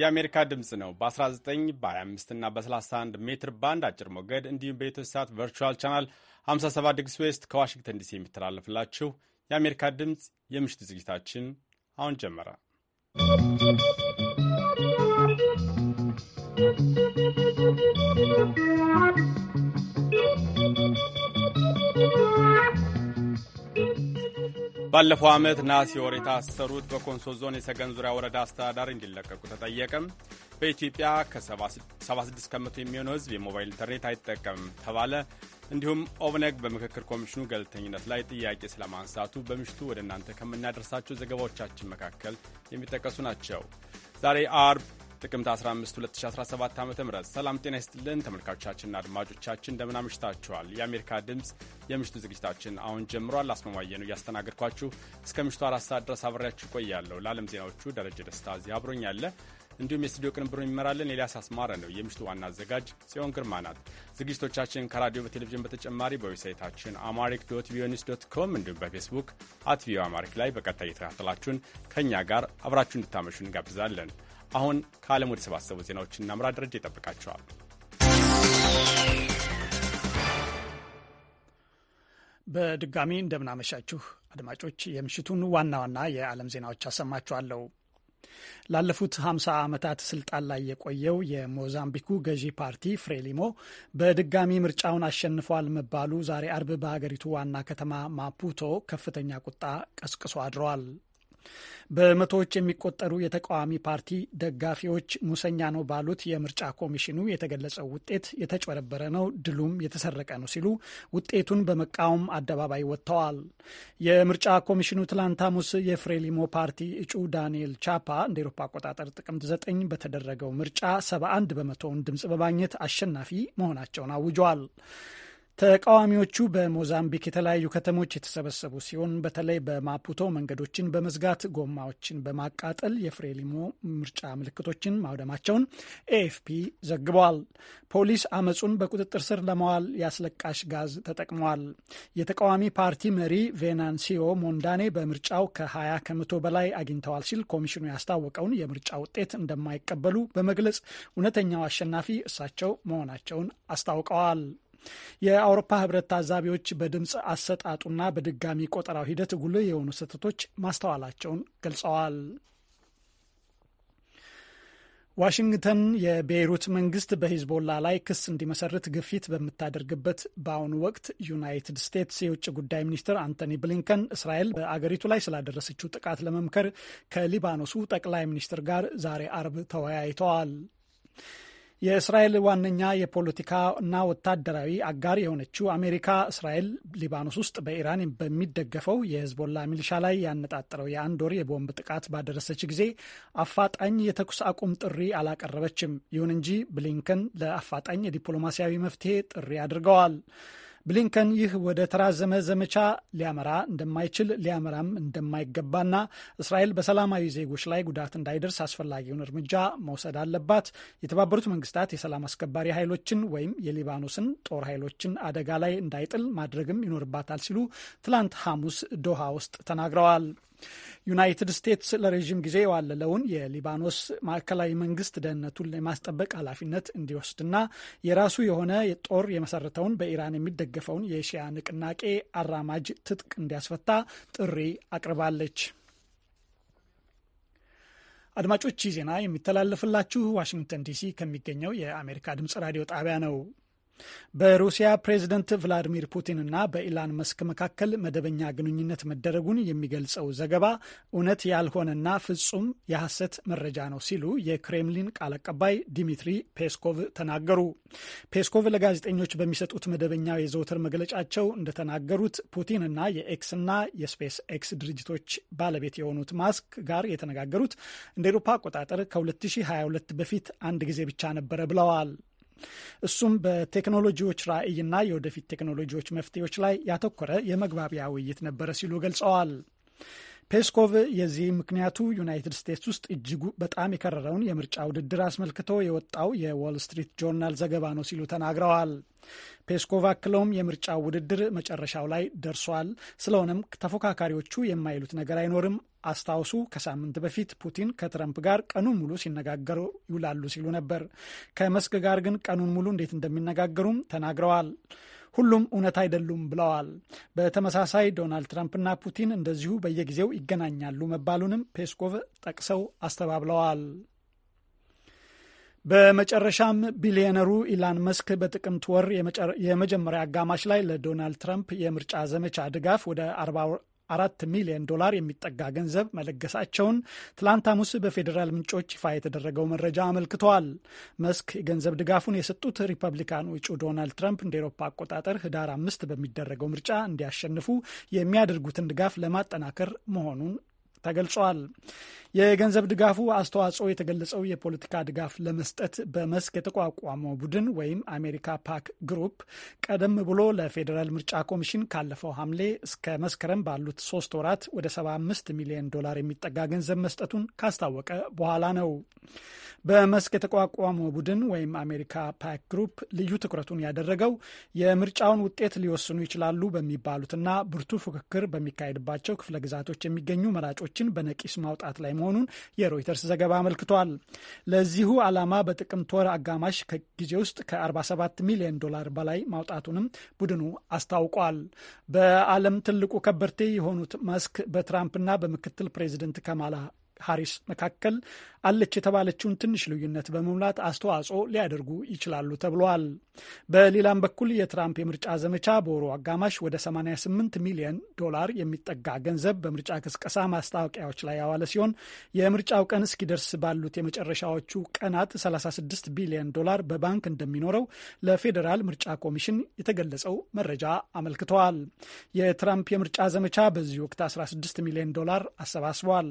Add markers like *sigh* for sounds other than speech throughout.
የአሜሪካ ድምፅ ነው። በ19 በ25 እና በ31 ሜትር ባንድ አጭር ሞገድ እንዲሁም በኢትዮ ሳት ቨርቹዋል ቻናል 57 ዲግሪ ዌስት ከዋሽንግተን ዲሲ የሚተላለፍላችሁ የአሜሪካ ድምፅ የምሽት ዝግጅታችን አሁን ጀመረ። ¶¶ ባለፈው ዓመት ነሐሴ ወር የታሰሩት በኮንሶ ዞን የሰገን ዙሪያ ወረዳ አስተዳዳሪ እንዲለቀቁ ተጠየቀም። በኢትዮጵያ ከ76 ከመቶ የሚሆነው ሕዝብ የሞባይል ኢንተርኔት አይጠቀምም ተባለ። እንዲሁም ኦብነግ በምክክር ኮሚሽኑ ገለልተኝነት ላይ ጥያቄ ስለማንሳቱ በምሽቱ ወደ እናንተ ከምናደርሳቸው ዘገባዎቻችን መካከል የሚጠቀሱ ናቸው። ዛሬ አርብ ጥቅምት 15 2017 ዓ ም ሰላም ጤና ይስጥልን ተመልካቾቻችንና አድማጮቻችን እንደምን አምሽታችኋል። የአሜሪካ ድምፅ የምሽቱ ዝግጅታችን አሁን ጀምሯል። አስመማየ ነው እያስተናገድኳችሁ እስከ ምሽቱ አራት ሰዓት ድረስ አብሬያችሁ ቆያለሁ። ለዓለም ዜናዎቹ ደረጀ ደስታ እዚህ አብሮኛለ። እንዲሁም የስቱዲዮ ቅንብሩን የሚመራለን ኤልያስ አስማረ ነው። የምሽቱ ዋና አዘጋጅ ጽዮን ግርማ ናት። ዝግጅቶቻችን ከራዲዮ በቴሌቪዥን በተጨማሪ በዌብሳይታችን አማሪክ ዶት ቪኦኤ ዶት ኮም እንዲሁም በፌስቡክ አት ቪኦኤ አማሪክ ላይ በቀጥታ እየተከታተላችሁን ከእኛ ጋር አብራችሁ እንድታመሹ እንጋብዛለን። አሁን ከዓለም ወደ ሰባሰቡ ዜናዎች እናምራ። ደረጃ ይጠብቃቸዋል። በድጋሚ እንደምናመሻችሁ አድማጮች፣ የምሽቱን ዋና ዋና የዓለም ዜናዎች አሰማችኋለሁ። ላለፉት 50 ዓመታት ስልጣን ላይ የቆየው የሞዛምቢኩ ገዢ ፓርቲ ፍሬሊሞ በድጋሚ ምርጫውን አሸንፏል መባሉ ዛሬ አርብ በሀገሪቱ ዋና ከተማ ማፑቶ ከፍተኛ ቁጣ ቀስቅሶ አድረዋል። በመቶዎች የሚቆጠሩ የተቃዋሚ ፓርቲ ደጋፊዎች ሙሰኛ ነው ባሉት የምርጫ ኮሚሽኑ የተገለጸው ውጤት የተጨረበረ ነው፣ ድሉም የተሰረቀ ነው ሲሉ ውጤቱን በመቃወም አደባባይ ወጥተዋል። የምርጫ ኮሚሽኑ ትላንት ሐሙስ የፍሬሊሞ ፓርቲ እጩ ዳንኤል ቻፓ እንደ ኤሮፓ አቆጣጠር ጥቅምት 9 በተደረገው ምርጫ 71 በመቶውን ድምፅ በማግኘት አሸናፊ መሆናቸውን አውጇል። ተቃዋሚዎቹ በሞዛምቢክ የተለያዩ ከተሞች የተሰበሰቡ ሲሆን በተለይ በማፑቶ መንገዶችን በመዝጋት ጎማዎችን በማቃጠል የፍሬሊሞ ምርጫ ምልክቶችን ማውደማቸውን ኤኤፍፒ ዘግቧል። ፖሊስ አመጹን በቁጥጥር ስር ለማዋል የአስለቃሽ ጋዝ ተጠቅመዋል። የተቃዋሚ ፓርቲ መሪ ቬናንሲዮ ሞንዳኔ በምርጫው ከ20 ከመቶ በላይ አግኝተዋል ሲል ኮሚሽኑ ያስታወቀውን የምርጫ ውጤት እንደማይቀበሉ በመግለጽ እውነተኛው አሸናፊ እሳቸው መሆናቸውን አስታውቀዋል። የአውሮፓ ህብረት ታዛቢዎች በድምፅ አሰጣጡና በድጋሚ ቆጠራው ሂደት ጉልህ የሆኑ ስህተቶች ማስተዋላቸውን ገልጸዋል። ዋሽንግተን የቤይሩት መንግስት በሂዝቦላ ላይ ክስ እንዲመሰርት ግፊት በምታደርግበት በአሁኑ ወቅት ዩናይትድ ስቴትስ የውጭ ጉዳይ ሚኒስትር አንቶኒ ብሊንከን እስራኤል በአገሪቱ ላይ ስላደረሰችው ጥቃት ለመምከር ከሊባኖሱ ጠቅላይ ሚኒስትር ጋር ዛሬ አርብ ተወያይተዋል። የእስራኤል ዋነኛ የፖለቲካና ወታደራዊ አጋር የሆነችው አሜሪካ እስራኤል ሊባኖስ ውስጥ በኢራን በሚደገፈው የህዝቦላ ሚሊሻ ላይ ያነጣጠረው የአንድ ወር የቦምብ ጥቃት ባደረሰች ጊዜ አፋጣኝ የተኩስ አቁም ጥሪ አላቀረበችም። ይሁን እንጂ ብሊንከን ለአፋጣኝ የዲፕሎማሲያዊ መፍትሄ ጥሪ አድርገዋል። ብሊንከን ይህ ወደ ተራዘመ ዘመቻ ሊያመራ እንደማይችል ሊያመራም እንደማይገባና እስራኤል በሰላማዊ ዜጎች ላይ ጉዳት እንዳይደርስ አስፈላጊውን እርምጃ መውሰድ አለባት፣ የተባበሩት መንግስታት የሰላም አስከባሪ ኃይሎችን ወይም የሊባኖስን ጦር ኃይሎችን አደጋ ላይ እንዳይጥል ማድረግም ይኖርባታል ሲሉ ትላንት ሐሙስ ዶሃ ውስጥ ተናግረዋል። ዩናይትድ ስቴትስ ለረዥም ጊዜ የዋለለውን የሊባኖስ ማዕከላዊ መንግስት ደህንነቱን የማስጠበቅ ኃላፊነት እንዲወስድና የራሱ የሆነ ጦር የመሰረተውን በኢራን የሚደገፈውን የሺያ ንቅናቄ አራማጅ ትጥቅ እንዲያስፈታ ጥሪ አቅርባለች። አድማጮች ይህ ዜና የሚተላለፍላችሁ ዋሽንግተን ዲሲ ከሚገኘው የአሜሪካ ድምጽ ራዲዮ ጣቢያ ነው። በሩሲያ ፕሬዝደንት ቭላዲሚር ፑቲንና በኢላን መስክ መካከል መደበኛ ግንኙነት መደረጉን የሚገልጸው ዘገባ እውነት ያልሆነና ፍጹም የሐሰት መረጃ ነው ሲሉ የክሬምሊን ቃል አቀባይ ዲሚትሪ ፔስኮቭ ተናገሩ። ፔስኮቭ ለጋዜጠኞች በሚሰጡት መደበኛ የዘውትር መግለጫቸው እንደተናገሩት ፑቲንና የኤክስና የስፔስ ኤክስ ድርጅቶች ባለቤት የሆኑት ማስክ ጋር የተነጋገሩት እንደ ኤሮፓ አቆጣጠር ከ2022 በፊት አንድ ጊዜ ብቻ ነበረ ብለዋል። እሱም በቴክኖሎጂዎች ራዕይና የወደፊት ቴክኖሎጂዎች መፍትሄዎች ላይ ያተኮረ የመግባቢያ ውይይት ነበረ ሲሉ ገልጸዋል። ፔስኮቭ የዚህ ምክንያቱ ዩናይትድ ስቴትስ ውስጥ እጅጉ በጣም የከረረውን የምርጫ ውድድር አስመልክቶ የወጣው የዎል ስትሪት ጆርናል ዘገባ ነው ሲሉ ተናግረዋል። ፔስኮቭ አክለውም የምርጫው ውድድር መጨረሻው ላይ ደርሷል፣ ስለሆነም ተፎካካሪዎቹ የማይሉት ነገር አይኖርም፣ አስታውሱ ከሳምንት በፊት ፑቲን ከትረምፕ ጋር ቀኑን ሙሉ ሲነጋገሩ ይውላሉ ሲሉ ነበር። ከመስክ ጋር ግን ቀኑን ሙሉ እንዴት እንደሚነጋገሩም ተናግረዋል። ሁሉም እውነት አይደሉም ብለዋል። በተመሳሳይ ዶናልድ ትራምፕና ፑቲን እንደዚሁ በየጊዜው ይገናኛሉ መባሉንም ፔስኮቭ ጠቅሰው አስተባብለዋል። በመጨረሻም ቢሊዮነሩ ኢላን መስክ በጥቅምት ወር የመጀመሪያ አጋማሽ ላይ ለዶናልድ ትራምፕ የምርጫ ዘመቻ ድጋፍ ወደ አራት ሚሊዮን ዶላር የሚጠጋ ገንዘብ መለገሳቸውን ትላንት ሐሙስ በፌዴራል ምንጮች ይፋ የተደረገው መረጃ አመልክተዋል። መስክ የገንዘብ ድጋፉን የሰጡት ሪፐብሊካን እጩ ዶናልድ ትራምፕ እንደ ኤሮፓ አቆጣጠር ህዳር አምስት በሚደረገው ምርጫ እንዲያሸንፉ የሚያደርጉትን ድጋፍ ለማጠናከር መሆኑን ተገልጿል። የገንዘብ ድጋፉ አስተዋጽኦ የተገለጸው የፖለቲካ ድጋፍ ለመስጠት በመስክ የተቋቋመው ቡድን ወይም አሜሪካ ፓክ ግሩፕ ቀደም ብሎ ለፌዴራል ምርጫ ኮሚሽን ካለፈው ሐምሌ እስከ መስከረም ባሉት ሶስት ወራት ወደ 75 ሚሊዮን ዶላር የሚጠጋ ገንዘብ መስጠቱን ካስታወቀ በኋላ ነው። በመስክ የተቋቋመው ቡድን ወይም አሜሪካ ፓክ ግሩፕ ልዩ ትኩረቱን ያደረገው የምርጫውን ውጤት ሊወስኑ ይችላሉ በሚባሉትና ብርቱ ፉክክር በሚካሄድባቸው ክፍለ ግዛቶች የሚገኙ መራጮችን በነቂስ ማውጣት ላይ መሆኑን የሮይተርስ ዘገባ አመልክቷል። ለዚሁ ዓላማ በጥቅምት ወር አጋማሽ ጊዜ ውስጥ ከ47 ሚሊዮን ዶላር በላይ ማውጣቱንም ቡድኑ አስታውቋል። በዓለም ትልቁ ከበርቴ የሆኑት መስክ በትራምፕና በምክትል ፕሬዚደንት ከማላ ሃሪስ መካከል አለች የተባለችውን ትንሽ ልዩነት በመሙላት አስተዋጽኦ ሊያደርጉ ይችላሉ ተብለዋል። በሌላም በኩል የትራምፕ የምርጫ ዘመቻ በወሩ አጋማሽ ወደ 88 ሚሊዮን ዶላር የሚጠጋ ገንዘብ በምርጫ ቅስቀሳ ማስታወቂያዎች ላይ ያዋለ ሲሆን የምርጫው ቀን እስኪደርስ ባሉት የመጨረሻዎቹ ቀናት 36 ቢሊዮን ዶላር በባንክ እንደሚኖረው ለፌዴራል ምርጫ ኮሚሽን የተገለጸው መረጃ አመልክተዋል። የትራምፕ የምርጫ ዘመቻ በዚህ ወቅት 16 ሚሊዮን ዶላር አሰባስበዋል።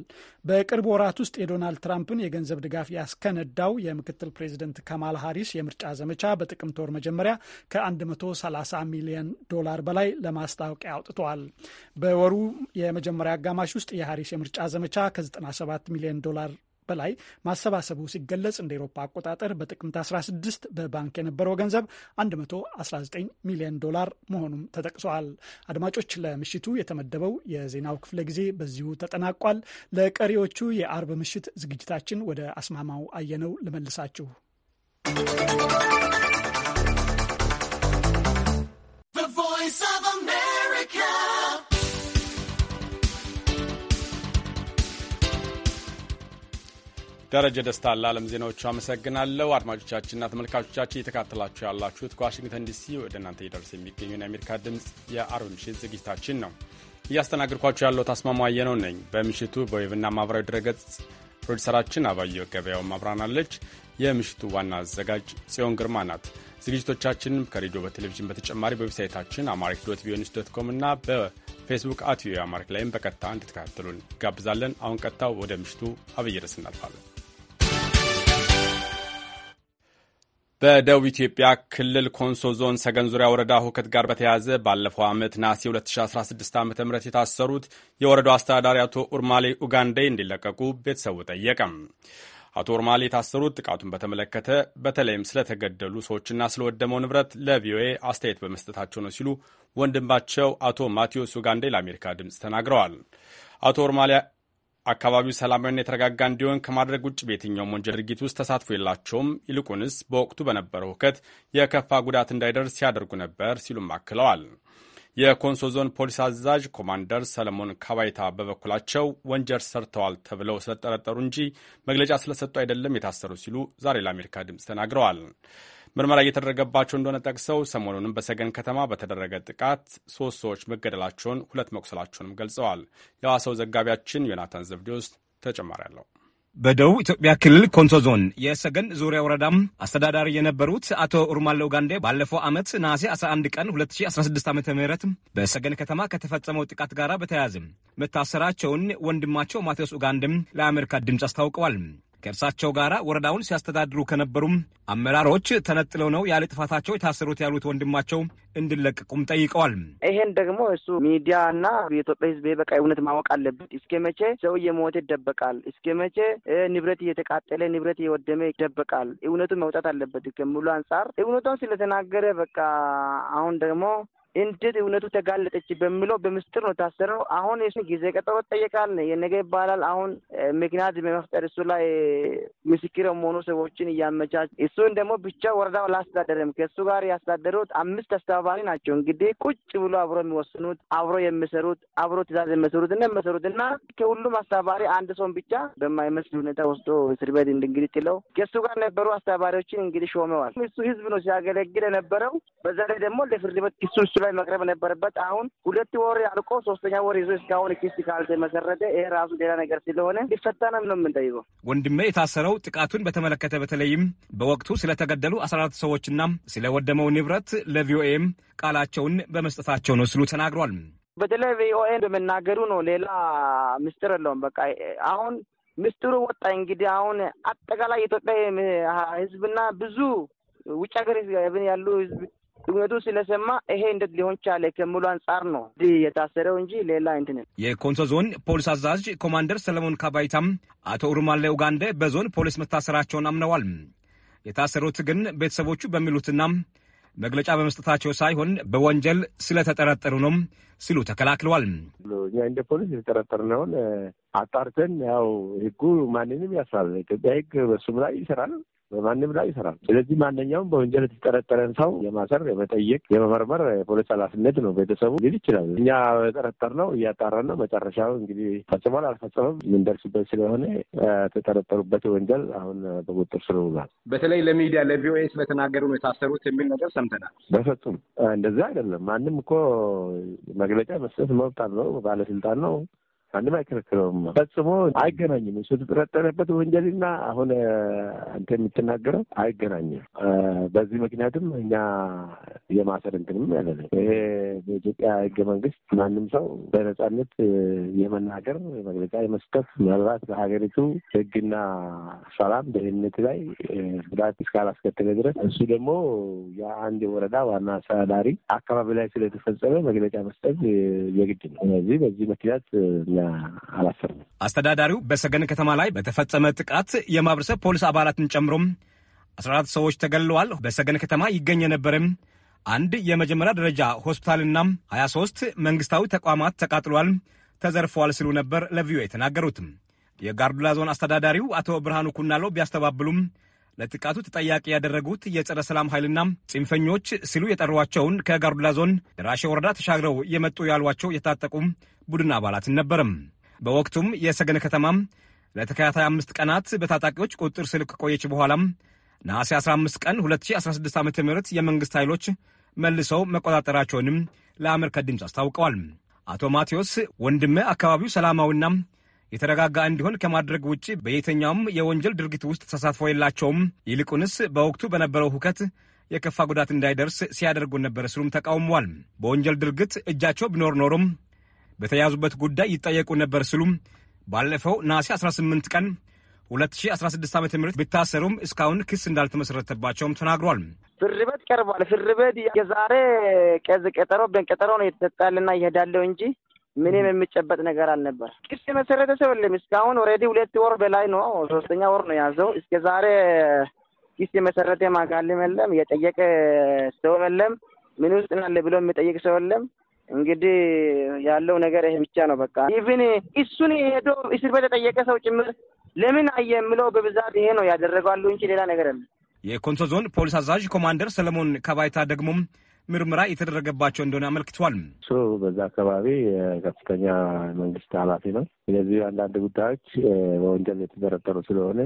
በቅርብ ወራት ውስጥ የዶናልድ ትራምፕን የገንዘብ ድጋፍ ያስከነዳው የምክትል ፕሬዚደንት ካማል ሃሪስ የምርጫ ዘመቻ በጥቅምት ወር መጀመሪያ ከ130 ሚሊዮን ዶላር በላይ ለማስታወቂያ አውጥተዋል። በወሩ የመጀመሪያ አጋማሽ ውስጥ የሃሪስ የምርጫ ዘመቻ ከ97 ሚሊዮን ዶላር በላይ ማሰባሰቡ ሲገለጽ እንደ ኤሮፓ አቆጣጠር በጥቅምት 16 በባንክ የነበረው ገንዘብ 119 ሚሊዮን ዶላር መሆኑም ተጠቅሷል። አድማጮች፣ ለምሽቱ የተመደበው የዜናው ክፍለ ጊዜ በዚሁ ተጠናቋል። ለቀሪዎቹ የአርብ ምሽት ዝግጅታችን ወደ አስማማው አየነው ልመልሳችሁ። ደረጀ ደስታ ለዓለም ዜናዎቹ አመሰግናለሁ። አድማጮቻችንና ተመልካቾቻችን እየተካተላችሁ ያላችሁት ከዋሽንግተን ዲሲ ወደ እናንተ እየደረሰ የሚገኘውን የአሜሪካ ድምፅ የአርብ ምሽት ዝግጅታችን ነው። እያስተናገድኳችሁ ያለው ታስማማ ነው ነኝ። በምሽቱ በዌብና ማህበራዊ ድረገጽ ፕሮዲሰራችን አባየ ገበያው አብራናለች። የምሽቱ ዋና አዘጋጅ ጽዮን ግርማ ናት። ዝግጅቶቻችንም ከሬዲዮ በቴሌቪዥን በተጨማሪ በዌብሳይታችን አማሪክ ዶት ቪኦኤ ዶት ኮም እና በፌስቡክ አት ቪኦኤ አማሪክ ላይም በቀጥታ እንድትከታተሉን ጋብዛለን። አሁን ቀጥታ ወደ ምሽቱ አብይ ርዕስ እናልፋለን። በደቡብ ኢትዮጵያ ክልል ኮንሶ ዞን ሰገን ዙሪያ ወረዳ ሁከት ጋር በተያያዘ ባለፈው ዓመት ናሴ 2016 ዓ ም የታሰሩት የወረዳው አስተዳዳሪ አቶ ኡርማሌ ኡጋንዴ እንዲለቀቁ ቤተሰቡ ጠየቀም። አቶ ኡርማሌ የታሰሩት ጥቃቱን በተመለከተ በተለይም ስለተገደሉ ሰዎችና ስለወደመው ንብረት ለቪኦኤ አስተያየት በመስጠታቸው ነው ሲሉ ወንድማቸው አቶ ማቴዎስ ኡጋንዴ ለአሜሪካ ድምፅ ተናግረዋል። አቶ ኡርማሌ አካባቢው ሰላማዊና የተረጋጋ እንዲሆን ከማድረግ ውጭ በየትኛውም ወንጀል ድርጊት ውስጥ ተሳትፎ የላቸውም፣ ይልቁንስ በወቅቱ በነበረው ሁከት የከፋ ጉዳት እንዳይደርስ ሲያደርጉ ነበር ሲሉም አክለዋል። የኮንሶ ዞን ፖሊስ አዛዥ ኮማንደር ሰለሞን ካባይታ በበኩላቸው ወንጀል ሰርተዋል ተብለው ስለጠረጠሩ እንጂ መግለጫ ስለሰጡ አይደለም የታሰሩ ሲሉ ዛሬ ለአሜሪካ ድምፅ ተናግረዋል። ምርመራ እየተደረገባቸው እንደሆነ ጠቅሰው ሰሞኑንም በሰገን ከተማ በተደረገ ጥቃት ሶስት ሰዎች መገደላቸውን፣ ሁለት መቁሰላቸውንም ገልጸዋል። የሐዋሳው ዘጋቢያችን ዮናታን ዘብዴዎስ ተጨማሪ አለው። በደቡብ ኢትዮጵያ ክልል ኮንሶ ዞን የሰገን ዙሪያ ወረዳም አስተዳዳሪ የነበሩት አቶ ኡርማለው ጋንዴ ባለፈው ዓመት ነሐሴ 11 ቀን 2016 ዓ ም በሰገን ከተማ ከተፈጸመው ጥቃት ጋር በተያያዘ መታሰራቸውን ወንድማቸው ማቴዎስ ኡጋንድም ለአሜሪካ ድምፅ አስታውቀዋል። ከእርሳቸው ጋር ወረዳውን ሲያስተዳድሩ ከነበሩም አመራሮች ተነጥለው ነው ያለ ጥፋታቸው የታሰሩት ያሉት ወንድማቸው እንድለቅቁም ጠይቀዋል። ይሄን ደግሞ እሱ ሚዲያና የኢትዮጵያ ሕዝብ በቃ እውነት ማወቅ አለበት። እስከ መቼ ሰው እየሞተ ይደበቃል? እስከ መቼ ንብረት እየተቃጠለ ንብረት እየወደመ ይደበቃል? እውነቱ መውጣት አለበት ከሚሉ አንጻር እውነቷን ስለተናገረ በቃ አሁን ደግሞ እንዴት እውነቱ ተጋለጠች በሚለው በምስጢር ነው ታሰረው። አሁን የሱ ጊዜ ቀጠሮ ጠየቃል የነገ ይባላል። አሁን ምክንያት በመፍጠር እሱ ላይ ምስክር መሆኑ ሰዎችን እያመቻች እሱን ደግሞ ብቻ ወረዳው አላስተዳደረም። ከእሱ ጋር ያስተዳደሩት አምስት አስተባባሪ ናቸው። እንግዲህ ቁጭ ብሎ አብሮ የሚወስኑት አብሮ የሚሰሩት አብሮ ትእዛዝ የሚሰሩት እና የሚሰሩት እና ከሁሉም አስተባባሪ አንድ ሰውን ብቻ በማይመስል ሁኔታ ወስዶ እስር ቤት እንድንግዲህ ጥለው ከእሱ ጋር ነበሩ አስተባባሪዎችን እንግዲህ ሾመዋል። እሱ ህዝብ ነው ሲያገለግል የነበረው። በዛ ላይ ደግሞ ለፍርድ ቤት ክሱ ላይ መቅረብ ነበረበት። አሁን ሁለት ወር አልቆ ሶስተኛ ወር ይዞ እስካሁን ክስ ካልተመሰረተ ይሄ ራሱ ሌላ ነገር ስለሆነ ሊፈታ ነው የምንጠይቀው። ወንድሜ የታሰረው ጥቃቱን በተመለከተ በተለይም በወቅቱ ስለተገደሉ አስራ አራት ሰዎችና ስለወደመው ንብረት ለቪኦኤም ቃላቸውን በመስጠታቸው ነው ስሉ ተናግሯል። በተለይ ቪኦኤ በመናገሩ ነው። ሌላ ምስጢር የለውም። በቃ አሁን ምስጢሩ ወጣ። እንግዲህ አሁን አጠቃላይ የኢትዮጵያ ሕዝብና ብዙ ውጭ ሀገር ያሉ ሕዝብ እውነቱ ስለሰማ ይሄ እንዴት ሊሆን ቻለ ከሚሉ አንጻር ነው የታሰረው እንጂ ሌላ እንትን። የኮንሶ ዞን ፖሊስ አዛዥ ኮማንደር ሰለሞን ካባይታም አቶ ኡርማሌ ኡጋንደ በዞን ፖሊስ መታሰራቸውን አምነዋል። የታሰሩት ግን ቤተሰቦቹ በሚሉትና መግለጫ በመስጠታቸው ሳይሆን በወንጀል ስለተጠረጠሩ ነው ሲሉ ተከላክለዋል። እኛ እንደ ፖሊስ የተጠረጠርነውን አጣርተን ያው ህጉ ማንንም ያስራል። ኢትዮጵያ ህግ በሱም ላይ ይሰራል። በማንም ላይ ይሰራል። ስለዚህ ማንኛውም በወንጀል የተጠረጠረን ሰው የማሰር የመጠየቅ፣ የመመርመር የፖሊስ ኃላፊነት ነው። ቤተሰቡ ሊል ይችላል። እኛ የጠረጠር ነው እያጣራን ነው። መጨረሻው እንግዲህ ፈጽሟል አልፈጸመም የምንደርስበት ስለሆነ የተጠረጠሩበት ወንጀል አሁን በቁጥር ስር ውሏል። በተለይ ለሚዲያ ለቪኦኤ ስለተናገሩ ነው የታሰሩት የሚል ነገር ሰምተናል። በፍጹም እንደዛ አይደለም። ማንም እኮ መግለጫ መስጠት መብት አለው። ባለስልጣን ነው። ማንም አይከለክለውም። ፈጽሞ አይገናኝም። እሱ የተጠረጠረበት ወንጀልና አሁን አንተ የምትናገረው አይገናኝም። በዚህ ምክንያትም እኛ የማሰር እንትንም ያለን ይሄ በኢትዮጵያ ሕገ መንግስት ማንም ሰው በነጻነት የመናገር መግለጫ የመስጠት ምናልባት በሀገሪቱ ሕግና ሰላም ደህንነት ላይ ጉዳት እስካላስከተለ ድረስ እሱ ደግሞ የአንድ ወረዳ ዋና አስተዳዳሪ አካባቢ ላይ ስለተፈጸመ መግለጫ መስጠት የግድ ነው። ስለዚህ በዚህ ምክንያት አላሰብም። አስተዳዳሪው በሰገን ከተማ ላይ በተፈጸመ ጥቃት የማህበረሰብ ፖሊስ አባላትን ጨምሮም አስራ አራት ሰዎች ተገልለዋል በሰገን ከተማ ይገኝ የነበረም አንድ የመጀመሪያ ደረጃ ሆስፒታልና 23 መንግስታዊ ተቋማት ተቃጥሏል፣ ተዘርፈዋል ሲሉ ነበር ለቪኦኤ የተናገሩትም። የጋርዱላ ዞን አስተዳዳሪው አቶ ብርሃኑ ኩናሎ ቢያስተባብሉም ለጥቃቱ ተጠያቂ ያደረጉት የጸረ ሰላም ኃይልና ጽንፈኞች ሲሉ የጠሯቸውን ከጋርዱላ ዞን ደራሼ ወረዳ ተሻግረው የመጡ ያሏቸው የታጠቁ ቡድን አባላትን ነበርም። በወቅቱም የሰገነ ከተማ ለተከታታይ አምስት ቀናት በታጣቂዎች ቁጥጥር ስር ከቆየች በኋላም ነሐሴ 15 ቀን 2016 ዓ ም የመንግሥት ኃይሎች መልሰው መቆጣጠራቸውንም ለአሜሪካ ድምፅ አስታውቀዋል። አቶ ማቴዎስ ወንድም አካባቢው ሰላማዊና የተረጋጋ እንዲሆን ከማድረግ ውጭ በየትኛውም የወንጀል ድርጊት ውስጥ ተሳትፎ የላቸውም። ይልቁንስ በወቅቱ በነበረው ሁከት የከፋ ጉዳት እንዳይደርስ ሲያደርጉ ነበር ሲሉም ተቃውሟል። በወንጀል ድርጊት እጃቸው ቢኖር ኖሮም በተያዙበት ጉዳይ ይጠየቁ ነበር ሲሉም ባለፈው ነሐሴ 18 ቀን 2016 ዓ ም ቢታሰሩም እስካሁን ክስ እንዳልተመሰረተባቸውም ተናግሯል። ፍርድ ቤት ቀርቧል። ፍርድ ቤት የዛሬ ቀዝ ቀጠሮ ቀጠሮ ነው የተሰጣልና ይሄዳለው እንጂ ምንም የሚጨበጥ ነገር አልነበር። ክስ የመሰረተ ሰው የለም። እስካሁን ኦልሬዲ ሁለት ወር በላይ ነው፣ ሶስተኛ ወር ነው ያዘው። እስከ ዛሬ ክስ የመሰረተ ማካልም የለም፣ የጠየቀ ሰው የለም፣ ምን ውስጥ ናለ ብሎ የሚጠይቅ ሰው የለም። እንግዲህ ያለው ነገር ይሄ ብቻ ነው። በቃ ኢቭን እሱን ሄዶ እስር ቤት የጠየቀ ሰው ጭምር ለምን አየ የምለው በብዛት ይሄ ነው ያደረገዋሉ እንጂ ሌላ ነገር የለም። የኮንሶ ዞን ፖሊስ አዛዥ ኮማንደር ሰለሞን ከባይታ ደግሞም ምርመራ የተደረገባቸው እንደሆነ አመልክቷል። እሱ በዛ አካባቢ ከፍተኛ መንግስት ኃላፊ ነው። ስለዚህ አንዳንድ ጉዳዮች በወንጀል የተጠረጠሩ ስለሆነ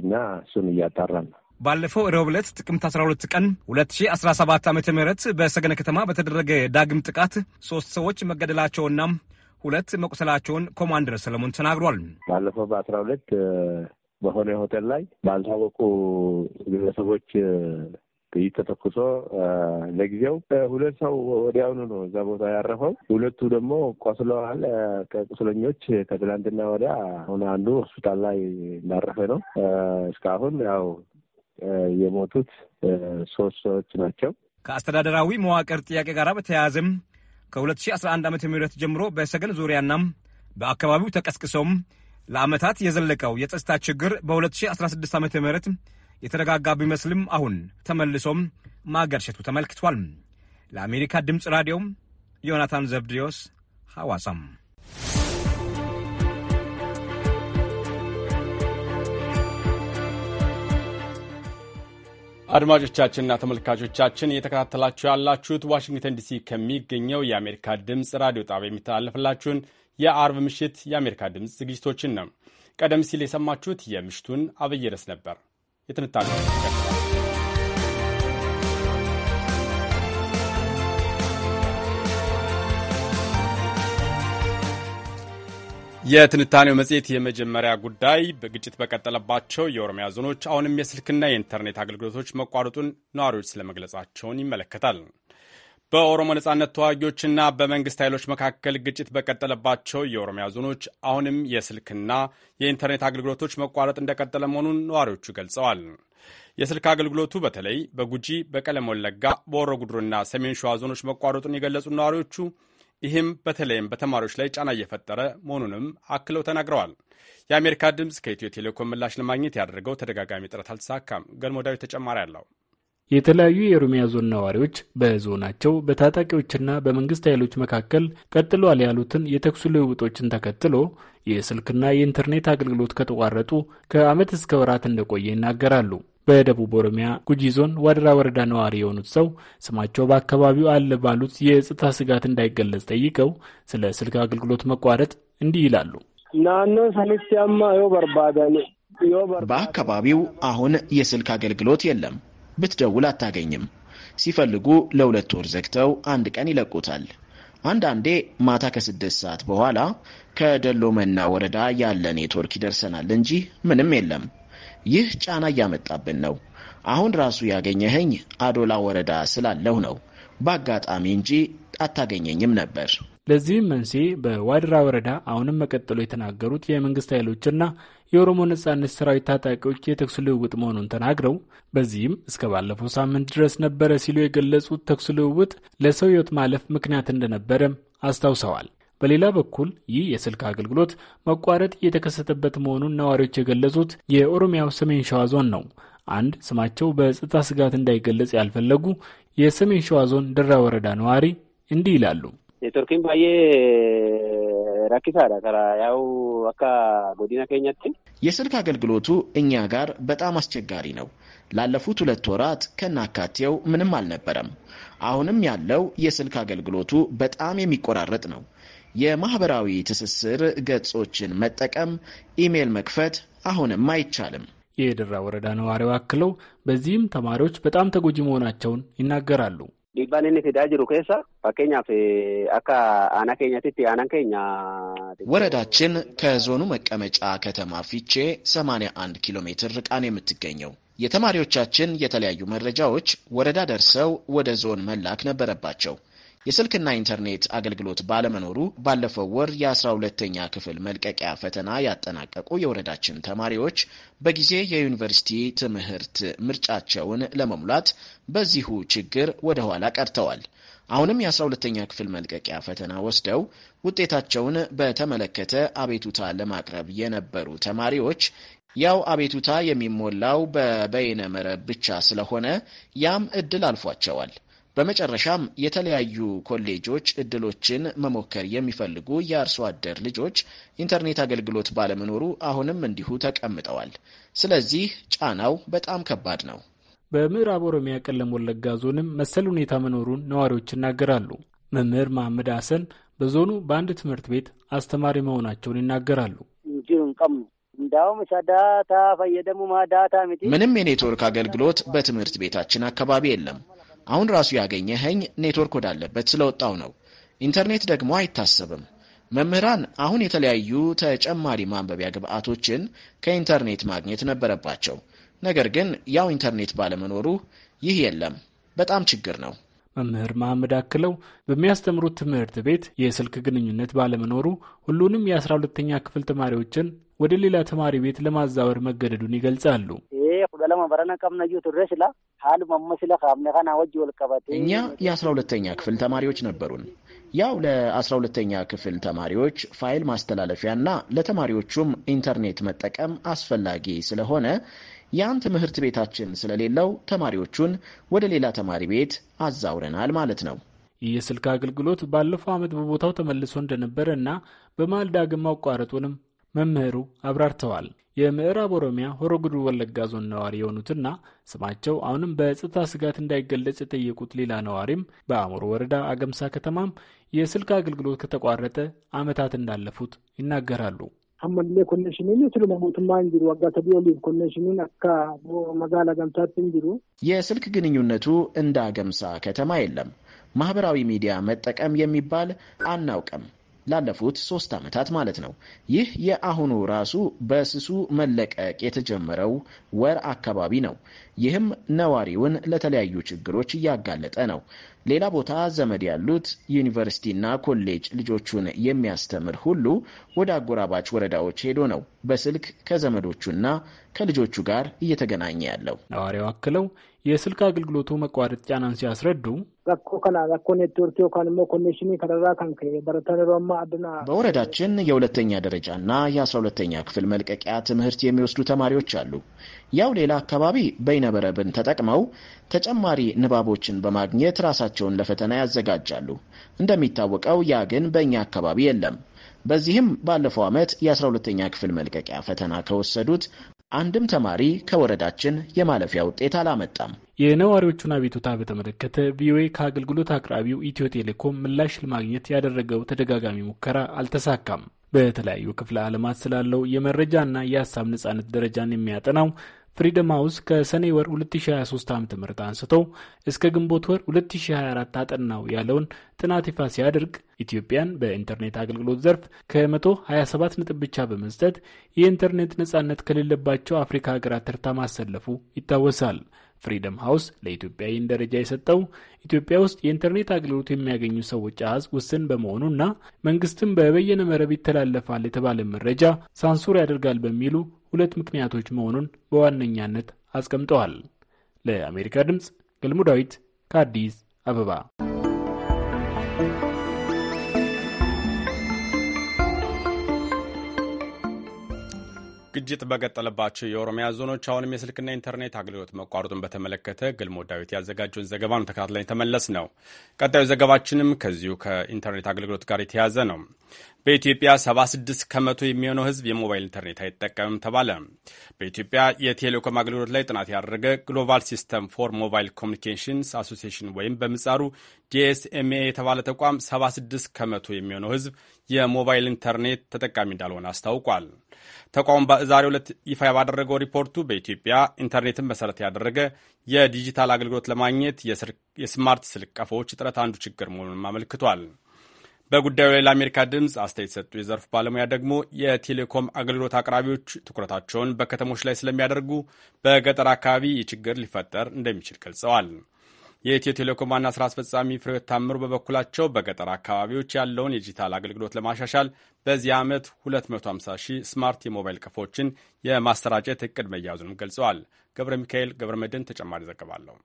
እኛ እሱን እያጣራን ነው። ባለፈው ረቡዕ ዕለት ጥቅምት 12 ቀን 2017 ዓ ም በሰገነ ከተማ በተደረገ ዳግም ጥቃት ሶስት ሰዎች መገደላቸውና ሁለት መቁሰላቸውን ኮማንደር ሰለሞን ተናግሯል። ባለፈው በአስራ ሁለት በሆነ ሆቴል ላይ ባልታወቁ ግለሰቦች ጥይት ተተኩሶ ለጊዜው ሁለት ሰው ወዲያውኑ ነው እዛ ቦታ ያረፈው። ሁለቱ ደግሞ ቆስለዋል። ከቁስለኞች ከትላንትና ወዲያ አሁን አንዱ ሆስፒታል ላይ እንዳረፈ ነው። እስካሁን ያው የሞቱት ሶስት ሰዎች ናቸው። ከአስተዳደራዊ መዋቅር ጥያቄ ጋር በተያያዘም ከ2011 ዓ ም ጀምሮ በሰገን ዙሪያና በአካባቢው ተቀስቅሶም ለአመታት የዘለቀው የጸጥታ ችግር በ2016 ዓ ም የተረጋጋ ቢመስልም አሁን ተመልሶም ማገርሸቱ ተመልክቷል። ለአሜሪካ ድምፅ ራዲዮም ዮናታን ዘብድዮስ ሐዋሳም አድማጮቻችንና ተመልካቾቻችን እየተከታተላችሁ ያላችሁት ዋሽንግተን ዲሲ ከሚገኘው የአሜሪካ ድምፅ ራዲዮ ጣቢያ የሚተላለፍላችሁን የአርብ ምሽት የአሜሪካ ድምፅ ዝግጅቶችን ነው። ቀደም ሲል የሰማችሁት የምሽቱን አብይ ርዕስ ነበር። የትንታኔ የትንታኔው መጽሔት የመጀመሪያ ጉዳይ በግጭት በቀጠለባቸው የኦሮሚያ ዞኖች አሁንም የስልክና የኢንተርኔት አገልግሎቶች መቋረጡን ነዋሪዎች ስለመግለጻቸውን ይመለከታል። በኦሮሞ ነጻነት ተዋጊዎችና በመንግስት ኃይሎች መካከል ግጭት በቀጠለባቸው የኦሮሚያ ዞኖች አሁንም የስልክና የኢንተርኔት አገልግሎቶች መቋረጥ እንደቀጠለ መሆኑን ነዋሪዎቹ ገልጸዋል። የስልክ አገልግሎቱ በተለይ በጉጂ፣ በቀለም ወለጋ፣ በወሮ ጉድሩና ሰሜን ሸዋ ዞኖች መቋረጡን የገለጹ ነዋሪዎቹ ይህም በተለይም በተማሪዎች ላይ ጫና እየፈጠረ መሆኑንም አክለው ተናግረዋል። የአሜሪካ ድምፅ ከኢትዮ ቴሌኮም ምላሽ ለማግኘት ያደረገው ተደጋጋሚ ጥረት አልተሳካም። ገልሞ ዳዊት ተጨማሪ አለው። የተለያዩ የኦሮሚያ ዞን ነዋሪዎች በዞናቸው በታጣቂዎችና በመንግስት ኃይሎች መካከል ቀጥሏል ያሉትን የተኩስ ልውውጦችን ተከትሎ የስልክና የኢንተርኔት አገልግሎት ከተቋረጡ ከዓመት እስከ ወራት እንደቆየ ይናገራሉ። በደቡብ ኦሮሚያ ጉጂ ዞን ዋድራ ወረዳ ነዋሪ የሆኑት ሰው ስማቸው በአካባቢው አለ ባሉት የጸጥታ ስጋት እንዳይገለጽ ጠይቀው ስለ ስልክ አገልግሎት መቋረጥ እንዲህ ይላሉ። ናኖ ዮ በአካባቢው አሁን የስልክ አገልግሎት የለም። ብትደውል አታገኝም። ሲፈልጉ ለሁለት ወር ዘግተው አንድ ቀን ይለቁታል። አንዳንዴ ማታ ከስድስት ሰዓት በኋላ ከደሎ መና ወረዳ ያለ ኔትወርክ ይደርሰናል እንጂ ምንም የለም። ይህ ጫና እያመጣብን ነው። አሁን ራሱ ያገኘኸኝ አዶላ ወረዳ ስላለሁ ነው። በአጋጣሚ እንጂ አታገኘኝም ነበር። ለዚህም መንስኤ በዋድራ ወረዳ አሁንም መቀጠሉ የተናገሩት የመንግስት ኃይሎችና የኦሮሞ ነጻነት ሰራዊት ታጣቂዎች የተኩስ ልውውጥ መሆኑን ተናግረው በዚህም እስከ ባለፈው ሳምንት ድረስ ነበረ ሲሉ የገለጹት ተኩስ ልውውጥ ለሰው ሕይወት ማለፍ ምክንያት እንደነበረም አስታውሰዋል። በሌላ በኩል ይህ የስልክ አገልግሎት መቋረጥ የተከሰተበት መሆኑን ነዋሪዎች የገለጹት የኦሮሚያው ሰሜን ሸዋ ዞን ነው። አንድ ስማቸው በጸጥታ ስጋት እንዳይገለጽ ያልፈለጉ የሰሜን ሸዋ ዞን ድራ ወረዳ ነዋሪ እንዲህ ይላሉ። Neetworkiin eh, baay'ee eh, rakkisaadha. Kara yaው akka ጎዲና ኬኛችን የስልክ አገልግሎቱ እኛ ጋር በጣም አስቸጋሪ ነው። ላለፉት ሁለት ወራት ከናካቴው ምንም አልነበረም። አሁንም ያለው የስልክ አገልግሎቱ በጣም የሚቆራረጥ ነው። የማህበራዊ ትስስር ገጾችን መጠቀም፣ ኢሜይል መክፈት አሁንም አይቻልም። የደራ ወረዳ ነዋሪው አክለው በዚህም ተማሪዎች በጣም ተጎጂ መሆናቸውን ይናገራሉ። dhiibbaan inni fidaa jiru keessa fakkeenyaaf akka aanaa keenyatitti aanaan keenya ወረዳችን ከዞኑ መቀመጫ ከተማ ፊቼ 81 ኪሎ ሜትር ርቃን የምትገኘው የተማሪዎቻችን የተለያዩ መረጃዎች ወረዳ ደርሰው ወደ ዞን መላክ ነበረባቸው። የስልክና ኢንተርኔት አገልግሎት ባለመኖሩ ባለፈው ወር የ12ተኛ ክፍል መልቀቂያ ፈተና ያጠናቀቁ የወረዳችን ተማሪዎች በጊዜ የዩኒቨርሲቲ ትምህርት ምርጫቸውን ለመሙላት በዚሁ ችግር ወደ ኋላ ቀርተዋል። አሁንም የ12ተኛ ክፍል መልቀቂያ ፈተና ወስደው ውጤታቸውን በተመለከተ አቤቱታ ለማቅረብ የነበሩ ተማሪዎች ያው አቤቱታ የሚሞላው በበይነ መረብ ብቻ ስለሆነ ያም እድል አልፏቸዋል። በመጨረሻም የተለያዩ ኮሌጆች እድሎችን መሞከር የሚፈልጉ የአርሶ አደር ልጆች ኢንተርኔት አገልግሎት ባለመኖሩ አሁንም እንዲሁ ተቀምጠዋል። ስለዚህ ጫናው በጣም ከባድ ነው። በምዕራብ ኦሮሚያ ቀለም ወለጋ ዞንም መሰል ሁኔታ መኖሩን ነዋሪዎች ይናገራሉ። መምህር መሐመድ አሰን በዞኑ በአንድ ትምህርት ቤት አስተማሪ መሆናቸውን ይናገራሉ። ምንም የኔትወርክ አገልግሎት በትምህርት ቤታችን አካባቢ የለም። አሁን ራሱ ያገኘኸኝ ኔትወርክ ወዳለበት ስለወጣው ነው። ኢንተርኔት ደግሞ አይታሰብም። መምህራን አሁን የተለያዩ ተጨማሪ ማንበቢያ ግብዓቶችን ከኢንተርኔት ማግኘት ነበረባቸው። ነገር ግን ያው ኢንተርኔት ባለመኖሩ ይህ የለም። በጣም ችግር ነው። መምህር መሐመድ አክለው በሚያስተምሩት ትምህርት ቤት የስልክ ግንኙነት ባለመኖሩ ሁሉንም የአስራ ሁለተኛ ክፍል ተማሪዎችን ወደ ሌላ ተማሪ ቤት ለማዛወር መገደዱን ይገልጻሉ። እኛ የአስራ ሁለተኛ ክፍል ተማሪዎች ነበሩን። ያው ለአስራ ሁለተኛ ክፍል ተማሪዎች ፋይል ማስተላለፊያና ለተማሪዎቹም ኢንተርኔት መጠቀም አስፈላጊ ስለሆነ ያን ትምህርት ቤታችን ስለሌለው ተማሪዎቹን ወደ ሌላ ተማሪ ቤት አዛውረናል ማለት ነው። ይህ የስልክ አገልግሎት ባለፈው ዓመት በቦታው ተመልሶ እንደነበረ እና በማልዳግም ዳግም ማቋረጡንም መምህሩ አብራርተዋል። የምዕራብ ኦሮሚያ ሆሮጉዱ ወለጋ ዞን ነዋሪ የሆኑትና ስማቸው አሁንም በጸጥታ ስጋት እንዳይገለጽ የጠየቁት ሌላ ነዋሪም በአሙር ወረዳ አገምሳ ከተማም የስልክ አገልግሎት ከተቋረጠ ዓመታት እንዳለፉት ይናገራሉ። አመሌ ኮኔክሽኒን ስሉ መሞትማ እንጅሩ ዋጋ ወሊፍ ኮኔክሽኒን አካ መጋላ ገምሳት እንጅሩ የስልክ ግንኙነቱ እንደ አገምሳ ከተማ የለም። ማህበራዊ ሚዲያ መጠቀም የሚባል አናውቅም። ላለፉት ሶስት ዓመታት ማለት ነው። ይህ የአሁኑ ራሱ በስሱ መለቀቅ የተጀመረው ወር አካባቢ ነው። ይህም ነዋሪውን ለተለያዩ ችግሮች እያጋለጠ ነው። ሌላ ቦታ ዘመድ ያሉት ዩኒቨርሲቲና ኮሌጅ ልጆቹን የሚያስተምር ሁሉ ወደ አጎራባች ወረዳዎች ሄዶ ነው በስልክ ከዘመዶቹና ከልጆቹ ጋር እየተገናኘ ያለው። ነዋሪው አክለው የስልክ አገልግሎቱ መቋረጥ ጫናን ሲያስረዱ በወረዳችን የሁለተኛ ደረጃና የአስራ ሁለተኛ ክፍል መልቀቂያ ትምህርት የሚወስዱ ተማሪዎች አሉ። ያው ሌላ አካባቢ በይነበረብን ተጠቅመው ተጨማሪ ንባቦችን በማግኘት ራሳቸውን ለፈተና ያዘጋጃሉ። እንደሚታወቀው ያ ግን በእኛ አካባቢ የለም። በዚህም ባለፈው ዓመት የ12ተኛ ክፍል መልቀቂያ ፈተና ከወሰዱት አንድም ተማሪ ከወረዳችን የማለፊያ ውጤት አላመጣም። የነዋሪዎቹን አቤቱታ በተመለከተ ቪኦኤ ከአገልግሎት አቅራቢው ኢትዮ ቴሌኮም ምላሽ ለማግኘት ያደረገው ተደጋጋሚ ሙከራ አልተሳካም። በተለያዩ ክፍለ ዓለማት ስላለው የመረጃና የሀሳብ ነጻነት ደረጃን የሚያጠናው ፍሪደም ሃውስ ከሰኔ ወር 2023 ዓ ም አንስቶ እስከ ግንቦት ወር 2024 አጠናው ያለውን ጥናት ይፋ ሲያደርግ ኢትዮጵያን በኢንተርኔት አገልግሎት ዘርፍ ከ127 ነጥብ ብቻ በመስጠት የኢንተርኔት ነጻነት ከሌለባቸው አፍሪካ ሀገራት ተርታ ማሰለፉ ይታወሳል። ፍሪደም ሃውስ ለኢትዮጵያ ይህን ደረጃ የሰጠው ኢትዮጵያ ውስጥ የኢንተርኔት አገልግሎት የሚያገኙ ሰዎች አሃዝ ውስን በመሆኑና መንግስትም በበየነ መረብ ይተላለፋል የተባለ መረጃ ሳንሱር ያደርጋል በሚሉ ሁለት ምክንያቶች መሆኑን በዋነኛነት አስቀምጠዋል። ለአሜሪካ ድምፅ ገልሙ ዳዊት ከአዲስ አበባ ግጭት በቀጠለባቸው የኦሮሚያ ዞኖች አሁንም የስልክና ኢንተርኔት አገልግሎት መቋረጡን በተመለከተ ገልሞ ዳዊት ያዘጋጀውን ዘገባ ነው ተከታትለን የተመለስ ነው። ቀጣዩ ዘገባችንም ከዚሁ ከኢንተርኔት አገልግሎት ጋር የተያዘ ነው። በኢትዮጵያ 76 ከመቶ የሚሆነው ሕዝብ የሞባይል ኢንተርኔት አይጠቀምም ተባለ። በኢትዮጵያ የቴሌኮም አገልግሎት ላይ ጥናት ያደረገ ግሎባል ሲስተም ፎር ሞባይል ኮሚኒኬሽንስ አሶሲሽን ወይም በምጻሩ ጂኤስኤምኤ የተባለ ተቋም 76 ከመቶ የሚሆነው ሕዝብ የሞባይል ኢንተርኔት ተጠቃሚ እንዳልሆነ አስታውቋል። ተቋሙ በዛሬው ዕለት ይፋ ባደረገው ሪፖርቱ በኢትዮጵያ ኢንተርኔትን መሰረት ያደረገ የዲጂታል አገልግሎት ለማግኘት የስማርት ስልክ ቀፎዎች እጥረት አንዱ ችግር መሆኑንም አመልክቷል። በጉዳዩ ላይ ለአሜሪካ ድምፅ አስተያየት የሰጡ የዘርፉ ባለሙያ ደግሞ የቴሌኮም አገልግሎት አቅራቢዎች ትኩረታቸውን በከተሞች ላይ ስለሚያደርጉ በገጠር አካባቢ ይህ ችግር ሊፈጠር እንደሚችል ገልጸዋል። የኢትዮ ቴሌኮም ዋና ስራ አስፈጻሚ ፍሬሕይወት ታምሩ በበኩላቸው በገጠር አካባቢዎች ያለውን የዲጂታል አገልግሎት ለማሻሻል በዚህ ዓመት 250 ሺህ ስማርት የሞባይል ቀፎችን የማሰራጨት እቅድ መያዙንም ገልጸዋል። ገብረ ሚካኤል ገብረ መድን ተጨማሪ ዘግባለሁ።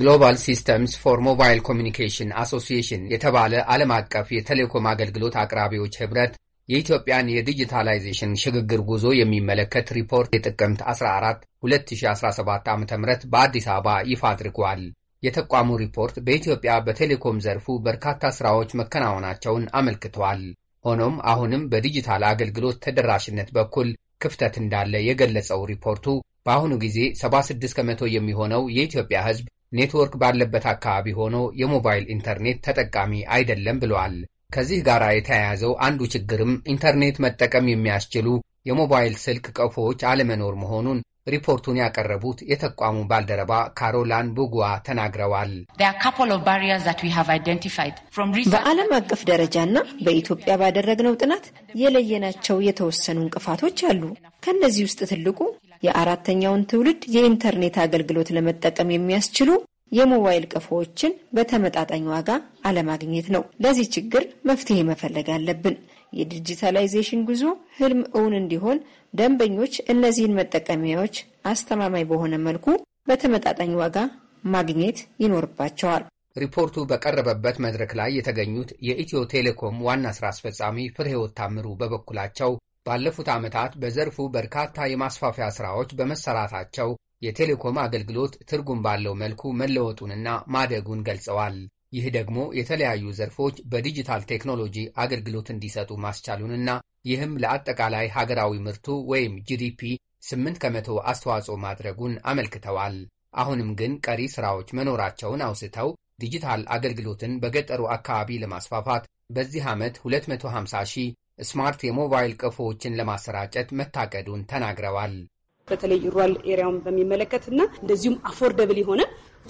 ግሎባል ሲስተምስ ፎር ሞባይል ኮሚኒኬሽን አሶሲዬሽን የተባለ ዓለም አቀፍ የቴሌኮም አገልግሎት አቅራቢዎች ኅብረት የኢትዮጵያን የዲጂታላይዜሽን ሽግግር ጉዞ የሚመለከት ሪፖርት የጥቅምት 14 2017 ዓ ም በአዲስ አበባ ይፋ አድርጓል። የተቋሙ ሪፖርት በኢትዮጵያ በቴሌኮም ዘርፉ በርካታ ስራዎች መከናወናቸውን አመልክተዋል። ሆኖም አሁንም በዲጂታል አገልግሎት ተደራሽነት በኩል ክፍተት እንዳለ የገለጸው ሪፖርቱ በአሁኑ ጊዜ 76 ከመቶ የሚሆነው የኢትዮጵያ ሕዝብ ኔትወርክ ባለበት አካባቢ ሆኖ የሞባይል ኢንተርኔት ተጠቃሚ አይደለም ብለዋል። ከዚህ ጋር የተያያዘው አንዱ ችግርም ኢንተርኔት መጠቀም የሚያስችሉ የሞባይል ስልክ ቀፎዎች አለመኖር መሆኑን ሪፖርቱን ያቀረቡት የተቋሙ ባልደረባ ካሮላን ቡጉዋ ተናግረዋል። በዓለም አቀፍ ደረጃና በኢትዮጵያ ባደረግነው ጥናት የለየናቸው የተወሰኑ እንቅፋቶች አሉ። ከእነዚህ ውስጥ ትልቁ የአራተኛውን ትውልድ የኢንተርኔት አገልግሎት ለመጠቀም የሚያስችሉ የሞባይል ቀፎዎችን በተመጣጣኝ ዋጋ አለማግኘት ነው። ለዚህ ችግር መፍትሄ መፈለግ አለብን። የዲጂታላይዜሽን ጉዞ ህልም እውን እንዲሆን ደንበኞች እነዚህን መጠቀሚያዎች አስተማማኝ በሆነ መልኩ በተመጣጣኝ ዋጋ ማግኘት ይኖርባቸዋል። ሪፖርቱ በቀረበበት መድረክ ላይ የተገኙት የኢትዮ ቴሌኮም ዋና ሥራ አስፈጻሚ ፍሬሕይወት ታምሩ በበኩላቸው ባለፉት ዓመታት በዘርፉ በርካታ የማስፋፊያ ሥራዎች በመሰራታቸው የቴሌኮም አገልግሎት ትርጉም ባለው መልኩ መለወጡንና ማደጉን ገልጸዋል። ይህ ደግሞ የተለያዩ ዘርፎች በዲጂታል ቴክኖሎጂ አገልግሎት እንዲሰጡ ማስቻሉንና ይህም ለአጠቃላይ ሀገራዊ ምርቱ ወይም ጂዲፒ 8 ከመቶ አስተዋጽኦ ማድረጉን አመልክተዋል። አሁንም ግን ቀሪ ስራዎች መኖራቸውን አውስተው ዲጂታል አገልግሎትን በገጠሩ አካባቢ ለማስፋፋት በዚህ ዓመት 250 ሺህ ስማርት የሞባይል ቅፎዎችን ለማሰራጨት መታቀዱን ተናግረዋል። በተለይ ሩራል ኤሪያውን በሚመለከት እና እንደዚሁም አፎርደብል የሆነ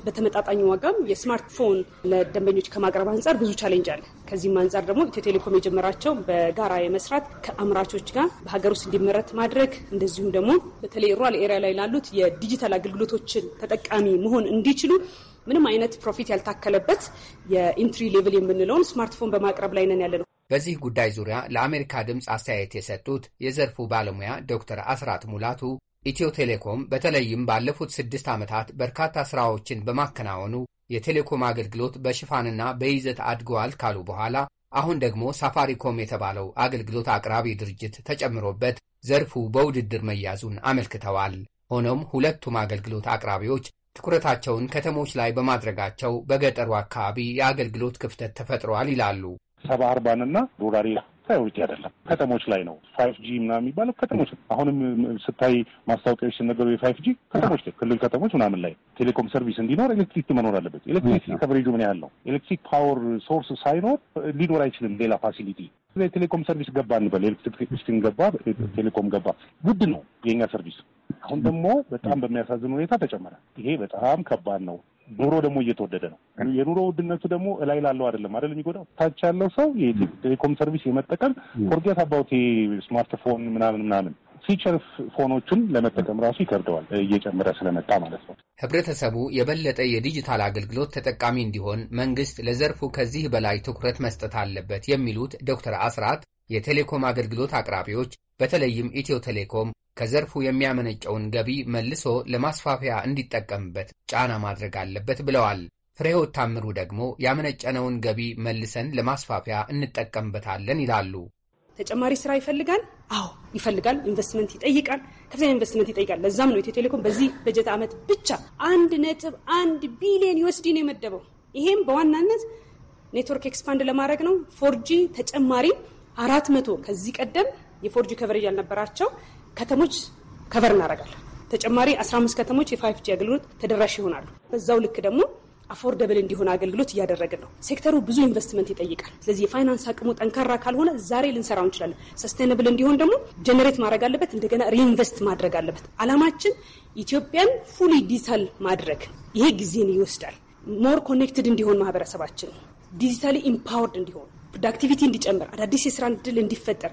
በተመጣጣኝ ዋጋም የስማርትፎን ለደንበኞች ከማቅረብ አንጻር ብዙ ቻሌንጅ አለ። ከዚህም አንጻር ደግሞ ኢትዮ ቴሌኮም የጀመራቸው በጋራ የመስራት ከአምራቾች ጋር በሀገር ውስጥ እንዲመረት ማድረግ እንደዚሁም ደግሞ በተለይ ሩራል ኤሪያ ላይ ላሉት የዲጂታል አገልግሎቶችን ተጠቃሚ መሆን እንዲችሉ ምንም አይነት ፕሮፊት ያልታከለበት የኢንትሪ ሌቭል የምንለውን ስማርትፎን በማቅረብ ላይ ነን ያለ ነው። በዚህ ጉዳይ ዙሪያ ለአሜሪካ ድምፅ አስተያየት የሰጡት የዘርፉ ባለሙያ ዶክተር አስራት ሙላቱ ኢትዮ ቴሌኮም በተለይም ባለፉት ስድስት ዓመታት በርካታ ሥራዎችን በማከናወኑ የቴሌኮም አገልግሎት በሽፋንና በይዘት አድገዋል ካሉ በኋላ አሁን ደግሞ ሳፋሪኮም የተባለው አገልግሎት አቅራቢ ድርጅት ተጨምሮበት ዘርፉ በውድድር መያዙን አመልክተዋል። ሆኖም ሁለቱም አገልግሎት አቅራቢዎች ትኩረታቸውን ከተሞች ላይ በማድረጋቸው በገጠሩ አካባቢ የአገልግሎት ክፍተት ተፈጥሯል ይላሉ። ሰባ አርባንና ሩራሪያ ፕራዮሪቲ አይደለም። ከተሞች ላይ ነው ፋይፍ ጂ ምና የሚባለው ከተሞች። አሁንም ስታይ ማስታወቂያዎች ሲነገሩ የፋይፍ ጂ ከተሞች ክልል ከተሞች ምናምን ላይ ቴሌኮም ሰርቪስ እንዲኖር ኤሌክትሪክ መኖር አለበት። ኤሌክትሪክ ከቨሬጁ ምን ያህል ነው? ኤሌክትሪክ ፓወር ሶርስ ሳይኖር ሊኖር አይችልም ሌላ ፋሲሊቲ የቴሌኮም ሰርቪስ ገባ እንበል ኤሌክትሪክሽን ገባ፣ ቴሌኮም ገባ፣ ውድ ነው የኛ ሰርቪስ። አሁን ደግሞ በጣም በሚያሳዝን ሁኔታ ተጨመረ። ይሄ በጣም ከባድ ነው። ኑሮ ደግሞ እየተወደደ ነው። የኑሮ ውድነቱ ደግሞ እላይ ላለው አይደለም አይደል የሚጎዳው ታች ያለው ሰው የቴሌኮም ሰርቪስ የመጠቀም ፎርጌት አባውት ስማርትፎን ምናምን ምናምን ፊቸር ፎኖቹን ለመጠቀም ራሱ ይከብደዋል እየጨመረ ስለመጣ ማለት ነው። ህብረተሰቡ የበለጠ የዲጂታል አገልግሎት ተጠቃሚ እንዲሆን መንግስት ለዘርፉ ከዚህ በላይ ትኩረት መስጠት አለበት የሚሉት ዶክተር አስራት የቴሌኮም አገልግሎት አቅራቢዎች በተለይም ኢትዮ ቴሌኮም ከዘርፉ የሚያመነጨውን ገቢ መልሶ ለማስፋፊያ እንዲጠቀምበት ጫና ማድረግ አለበት ብለዋል። ፍሬሕይወት ታምሩ ደግሞ ያመነጨነውን ገቢ መልሰን ለማስፋፊያ እንጠቀምበታለን ይላሉ። ተጨማሪ ስራ ይፈልጋል። አዎ ይፈልጋል። ኢንቨስትመንት ይጠይቃል። ከፍተኛ ኢንቨስትመንት ይጠይቃል። ለዛም ነው ኢትዮ ቴሌኮም በዚህ በጀት ዓመት ብቻ አንድ ነጥብ አንድ ቢሊዮን ዩኤስዲ ነው የመደበው። ይሄም በዋናነት ኔትወርክ ኤክስፓንድ ለማድረግ ነው። ፎርጂ ተጨማሪ አራት መቶ ከዚህ ቀደም የፎርጂ ከቨሬጅ ያልነበራቸው ከተሞች ከቨር እናደርጋለን። ተጨማሪ 15 ከተሞች የፋይፍጂ አገልግሎት ተደራሽ ይሆናሉ። በዛው ልክ ደግሞ አፎርደብል እንዲሆን አገልግሎት እያደረግን ነው። ሴክተሩ ብዙ ኢንቨስትመንት ይጠይቃል። ስለዚህ የፋይናንስ አቅሙ ጠንካራ ካልሆነ ዛሬ ልንሰራው እንችላለን። ሰስቴነብል እንዲሆን ደግሞ ጀነሬት ማድረግ አለበት፣ እንደገና ሪኢንቨስት ማድረግ አለበት። አላማችን ኢትዮጵያን ፉሊ ዲጂታል ማድረግ። ይሄ ጊዜን ይወስዳል። ሞር ኮኔክትድ እንዲሆን ማህበረሰባችን ዲጂታሊ ኢምፓወርድ እንዲሆን ፕሮዳክቲቪቲ እንዲጨምር አዳዲስ የስራ እድል እንዲፈጠር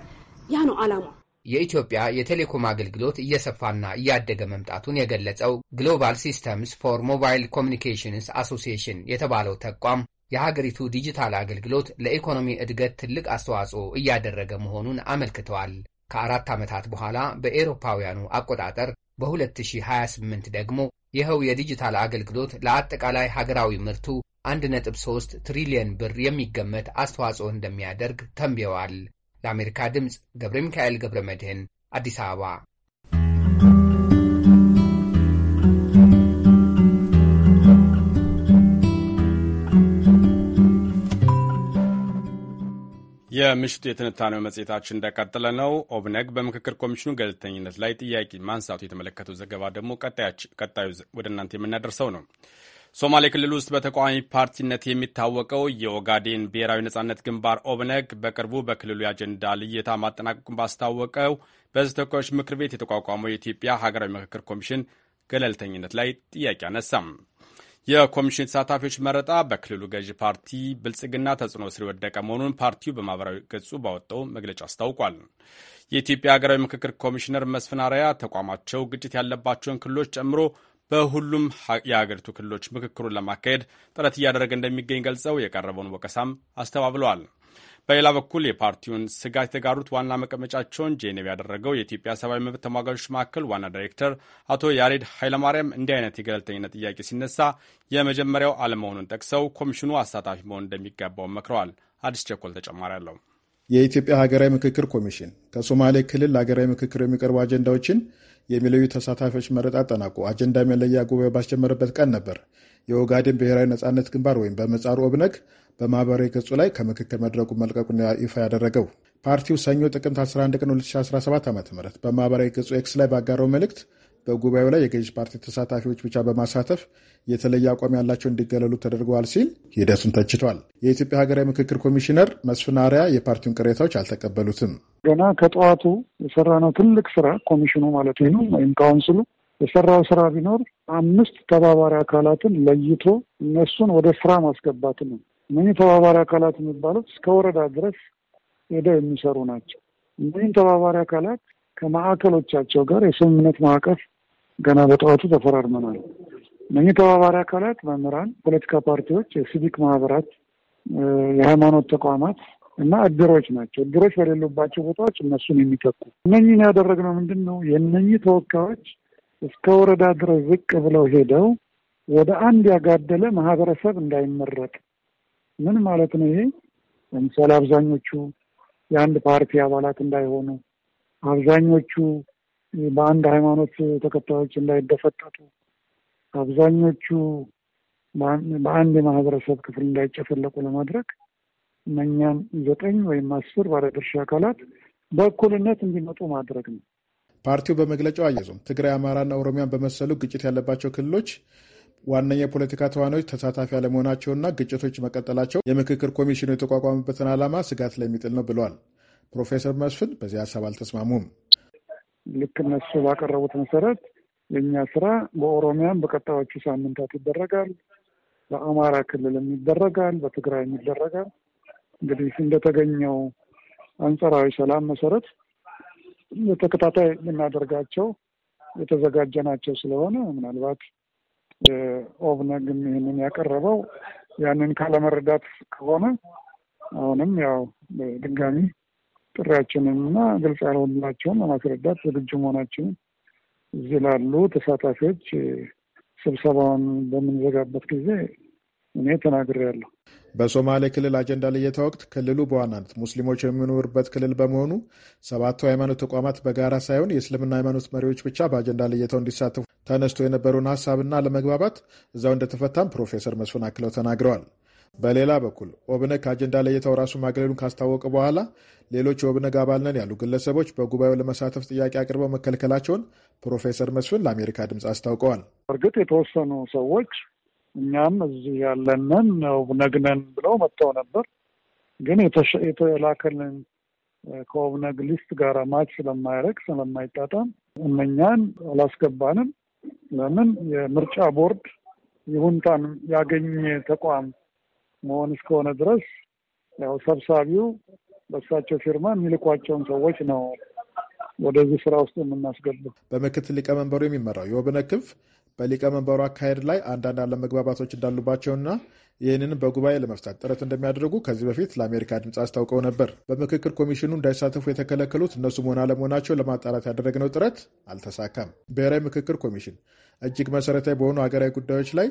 ያ ነው ዓላማ። የኢትዮጵያ የቴሌኮም አገልግሎት እየሰፋና እያደገ መምጣቱን የገለጸው ግሎባል ሲስተምስ ፎር ሞባይል ኮሚኒኬሽንስ አሶሲሽን የተባለው ተቋም የሀገሪቱ ዲጂታል አገልግሎት ለኢኮኖሚ እድገት ትልቅ አስተዋጽኦ እያደረገ መሆኑን አመልክተዋል። ከአራት ዓመታት በኋላ በኤሮፓውያኑ አቆጣጠር በ2028 ደግሞ ይኸው የዲጂታል አገልግሎት ለአጠቃላይ ሀገራዊ ምርቱ 1.3 ትሪሊየን ብር የሚገመት አስተዋጽኦ እንደሚያደርግ ተንብየዋል። ለአሜሪካ ድምፅ ገብረ ሚካኤል ገብረ መድህን አዲስ አበባ። የምሽቱ የትንታኔው መጽሔታችን እንደቀጠለ ነው። ኦብነግ በምክክር ኮሚሽኑ ገለልተኝነት ላይ ጥያቄ ማንሳቱ የተመለከተው ዘገባ ደግሞ ቀጣዩ ወደ እናንተ የምናደርሰው ነው። ሶማሌ ክልል ውስጥ በተቃዋሚ ፓርቲነት የሚታወቀው የኦጋዴን ብሔራዊ ነጻነት ግንባር ኦብነግ በቅርቡ በክልሉ የአጀንዳ ልየታ ማጠናቀቁን ባስታወቀው በሕዝብ ተወካዮች ምክር ቤት የተቋቋመው የኢትዮጵያ ሀገራዊ ምክክር ኮሚሽን ገለልተኝነት ላይ ጥያቄ አነሳም። የኮሚሽን ተሳታፊዎች መረጣ በክልሉ ገዢ ፓርቲ ብልጽግና ተጽዕኖ ስር የወደቀ መሆኑን ፓርቲው በማህበራዊ ገጹ ባወጣው መግለጫ አስታውቋል። የኢትዮጵያ ሀገራዊ ምክክር ኮሚሽነር መስፍን አርአያ ተቋማቸው ግጭት ያለባቸውን ክልሎች ጨምሮ በሁሉም የአገሪቱ ክልሎች ምክክሩን ለማካሄድ ጥረት እያደረገ እንደሚገኝ ገልጸው የቀረበውን ወቀሳም አስተባብለዋል። በሌላ በኩል የፓርቲውን ስጋት የተጋሩት ዋና መቀመጫቸውን ጄኔቭ ያደረገው የኢትዮጵያ ሰብአዊ መብት ተሟጋቾች ማዕከል ዋና ዳይሬክተር አቶ ያሬድ ኃይለማርያም እንዲህ አይነት የገለልተኝነት ጥያቄ ሲነሳ የመጀመሪያው አለመሆኑን ጠቅሰው ኮሚሽኑ አሳታፊ መሆን እንደሚገባው መክረዋል። አዲስ ቸኮል ተጨማሪ አለው። የኢትዮጵያ ሀገራዊ ምክክር ኮሚሽን ከሶማሌ ክልል ለሀገራዊ ምክክር የሚቀርቡ አጀንዳዎችን የሚለዩ ተሳታፊዎች መረጣ አጠናቆ አጀንዳ መለያ ጉባኤ ባስጀመረበት ቀን ነበር የኦጋዴን ብሔራዊ ነጻነት ግንባር ወይም በመጻሩ ኦብነግ በማህበራዊ ገጹ ላይ ከምክክር መድረኩ መልቀቁን ይፋ ያደረገው። ፓርቲው ሰኞ ጥቅምት 11 ቀን 2017 ዓ ም በማህበራዊ ገጹ ኤክስ ላይ ባጋረው መልእክት በጉባኤው ላይ የገዥ ፓርቲ ተሳታፊዎች ብቻ በማሳተፍ የተለየ አቋም ያላቸው እንዲገለሉ ተደርገዋል ሲል ሂደቱን ተችቷል። የኢትዮጵያ ሀገራዊ ምክክር ኮሚሽነር መስፍን አርያ የፓርቲውን ቅሬታዎች አልተቀበሉትም። ገና ከጠዋቱ የሰራነው ትልቅ ስራ ኮሚሽኑ ማለት ነው ወይም ካውንስሉ የሰራው ስራ ቢኖር አምስት ተባባሪ አካላትን ለይቶ እነሱን ወደ ስራ ማስገባት ነው። እነህ ተባባሪ አካላት የሚባሉት እስከ ወረዳ ድረስ ሄደው የሚሰሩ ናቸው። እነህም ተባባሪ አካላት ከማዕከሎቻቸው ጋር የስምምነት ማዕቀፍ ገና በጠዋቱ ተፈራርመናል። እነህ ተባባሪ አካላት መምህራን፣ ፖለቲካ ፓርቲዎች፣ የሲቪክ ማህበራት፣ የሃይማኖት ተቋማት እና እድሮች ናቸው። እድሮች በሌሉባቸው ቦታዎች እነሱን የሚተኩ እነኝን ያደረግነው ምንድን ነው? የእነኚህ ተወካዮች እስከ ወረዳ ድረስ ዝቅ ብለው ሄደው ወደ አንድ ያጋደለ ማህበረሰብ እንዳይመረጥ። ምን ማለት ነው ይሄ? ለምሳሌ አብዛኞቹ የአንድ ፓርቲ አባላት እንዳይሆኑ፣ አብዛኞቹ በአንድ ሃይማኖት ተከታዮች እንዳይደፈጠጡ፣ አብዛኞቹ በአንድ የማህበረሰብ ክፍል እንዳይጨፈለቁ ለማድረግ እነኛን ዘጠኝ ወይም አስር ባለድርሻ አካላት በእኩልነት እንዲመጡ ማድረግ ነው። ፓርቲው በመግለጫው አያይዞም ትግራይ፣ አማራና ኦሮሚያን በመሰሉ ግጭት ያለባቸው ክልሎች ዋነኛ የፖለቲካ ተዋናዮች ተሳታፊ አለመሆናቸውና ግጭቶች መቀጠላቸው የምክክር ኮሚሽኑ የተቋቋመበትን ዓላማ ስጋት ላይ የሚጥል ነው ብለዋል። ፕሮፌሰር መስፍን በዚህ ሀሳብ አልተስማሙም። ልክ እነሱ ባቀረቡት መሰረት የእኛ ስራ በኦሮሚያም በቀጣዮቹ ሳምንታት ይደረጋል፣ በአማራ ክልልም ይደረጋል፣ በትግራይም ይደረጋል። እንግዲህ እንደተገኘው አንጸራዊ ሰላም መሰረት በተከታታይ የምናደርጋቸው ናቸው ስለሆነ ምናልባት ኦብነግም ይህንን ያቀረበው ያንን ካለመረዳት ከሆነ አሁንም ያው ድጋሚ ጥሪያችንን እና ግልጽ ያልሆንላቸውን ለማስረዳት ዝግጁ መሆናችንን እዚህ ላሉ ተሳታፊዎች ስብሰባውን በምንዘጋበት ጊዜ እኔ ተናግሬያለሁ። በሶማሌ ክልል አጀንዳ ልየታ ወቅት ክልሉ በዋናነት ሙስሊሞች የሚኖሩበት ክልል በመሆኑ ሰባቱ ሃይማኖት ተቋማት በጋራ ሳይሆን የእስልምና ሃይማኖት መሪዎች ብቻ በአጀንዳ ልየታው እንዲሳተፉ ተነስቶ የነበረውን ሀሳብና ለመግባባት እዛው እንደተፈታም ፕሮፌሰር መስፍን አክለው ተናግረዋል። በሌላ በኩል ኦብነግ ከአጀንዳ ለይተው ራሱ ማግለሉን ካስታወቀ በኋላ ሌሎች የኦብነግ አባል ነን ያሉ ግለሰቦች በጉባኤው ለመሳተፍ ጥያቄ አቅርበው መከልከላቸውን ፕሮፌሰር መስፍን ለአሜሪካ ድምፅ አስታውቀዋል። እርግጥ የተወሰኑ ሰዎች እኛም እዚህ ያለንን ኦብነግ ነን ብለው መጥተው ነበር። ግን የተላከልን ከኦብነግ ሊስት ጋር ማች ስለማይረግ ስለማይጣጣም እነኛን አላስገባንም። ለምን የምርጫ ቦርድ ይሁንታን ያገኘ ተቋም መሆን እስከሆነ ድረስ ያው ሰብሳቢው በእሳቸው ፊርማ የሚልኳቸውን ሰዎች ነው ወደዚህ ስራ ውስጥ የምናስገባው። በምክትል ሊቀመንበሩ የሚመራው የወብነ ክንፍ በሊቀመንበሩ አካሄድ ላይ አንዳንድ አለመግባባቶች እንዳሉባቸውና ይህንን በጉባኤ ለመፍታት ጥረት እንደሚያደርጉ ከዚህ በፊት ለአሜሪካ ድምፅ አስታውቀው ነበር። በምክክር ኮሚሽኑ እንዳይሳተፉ የተከለከሉት እነሱ መሆን አለመሆናቸው ለማጣራት ያደረግነው ጥረት አልተሳካም። ብሔራዊ ምክክር ኮሚሽን እጅግ መሰረታዊ በሆኑ ሀገራዊ ጉዳዮች ላይ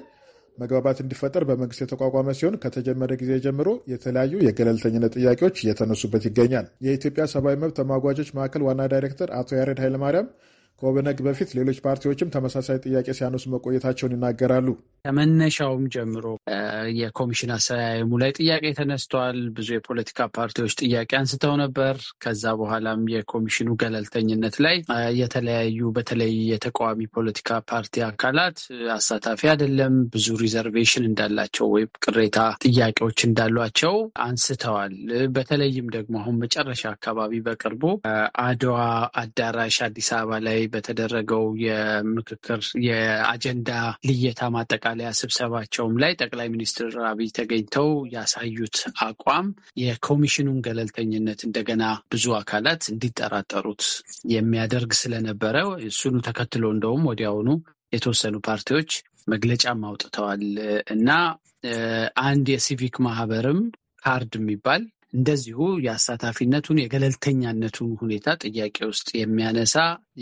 መግባባት እንዲፈጠር በመንግስት የተቋቋመ ሲሆን ከተጀመረ ጊዜ ጀምሮ የተለያዩ የገለልተኝነት ጥያቄዎች እየተነሱበት ይገኛል። የኢትዮጵያ ሰብአዊ መብት ተሟጓቾች ማዕከል ዋና ዳይሬክተር አቶ ያሬድ ኃይለማርያም ከኦብነግ በፊት ሌሎች ፓርቲዎችም ተመሳሳይ ጥያቄ ሲያነሱ መቆየታቸውን ይናገራሉ። ከመነሻውም ጀምሮ የኮሚሽን አሰያየሙ ላይ ጥያቄ ተነስቷል። ብዙ የፖለቲካ ፓርቲዎች ጥያቄ አንስተው ነበር። ከዛ በኋላም የኮሚሽኑ ገለልተኝነት ላይ የተለያዩ በተለይ የተቃዋሚ ፖለቲካ ፓርቲ አካላት አሳታፊ አይደለም፣ ብዙ ሪዘርቬሽን እንዳላቸው ወይም ቅሬታ ጥያቄዎች እንዳሏቸው አንስተዋል። በተለይም ደግሞ አሁን መጨረሻ አካባቢ በቅርቡ አድዋ አዳራሽ አዲስ አበባ ላይ በተደረገው የምክክር የአጀንዳ ልየታ ማጠቃለ ማጠቃለያ ስብሰባቸውም ላይ ጠቅላይ ሚኒስትር አብይ ተገኝተው ያሳዩት አቋም የኮሚሽኑን ገለልተኝነት እንደገና ብዙ አካላት እንዲጠራጠሩት የሚያደርግ ስለነበረ እሱኑ ተከትሎ እንደውም ወዲያውኑ የተወሰኑ ፓርቲዎች መግለጫም አውጥተዋል እና አንድ የሲቪክ ማህበርም ካርድ የሚባል እንደዚሁ የአሳታፊነቱን የገለልተኛነቱን ሁኔታ ጥያቄ ውስጥ የሚያነሳ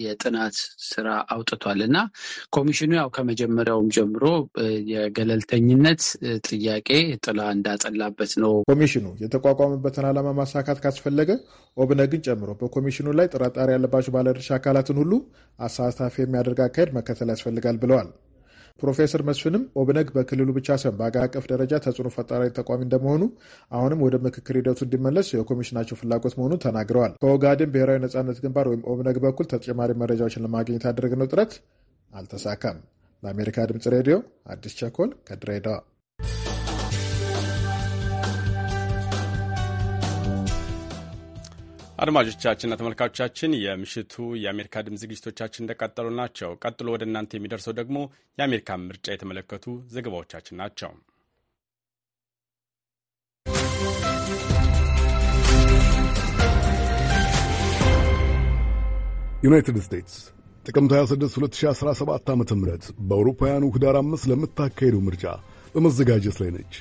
የጥናት ስራ አውጥቷል እና ኮሚሽኑ ያው ከመጀመሪያውም ጀምሮ የገለልተኝነት ጥያቄ ጥላ እንዳጠላበት ነው። ኮሚሽኑ የተቋቋመበትን ዓላማ ማሳካት ካስፈለገ ኦብነግን ጨምሮ በኮሚሽኑ ላይ ጥርጣሬ ያለባቸው ባለድርሻ አካላትን ሁሉ አሳታፊ የሚያደርግ አካሄድ መከተል ያስፈልጋል ብለዋል። ፕሮፌሰር መስፍንም ኦብነግ በክልሉ ብቻ ሳይሆን በአገር አቀፍ ደረጃ ተጽዕኖ ፈጣሪ ተቋሚ እንደመሆኑ አሁንም ወደ ምክክር ሂደቱ እንዲመለስ የኮሚሽናቸው ፍላጎት መሆኑን ተናግረዋል። ከኦጋዴን ብሔራዊ ነጻነት ግንባር ወይም ኦብነግ በኩል ተጨማሪ መረጃዎችን ለማግኘት ያደረግነው ጥረት አልተሳካም። ለአሜሪካ ድምጽ ሬዲዮ አዲስ ቸኮል ከድሬዳዋ አድማጮቻችንና ተመልካቾቻችን የምሽቱ የአሜሪካ ድምፅ ዝግጅቶቻችን እንደቀጠሉ ናቸው። ቀጥሎ ወደ እናንተ የሚደርሰው ደግሞ የአሜሪካን ምርጫ የተመለከቱ ዘገባዎቻችን ናቸው። ዩናይትድ ስቴትስ ጥቅምት 26 2017 ዓ ም በአውሮፓውያኑ ኅዳር 5 ለምታካሄደው ምርጫ በመዘጋጀት ላይ ነች።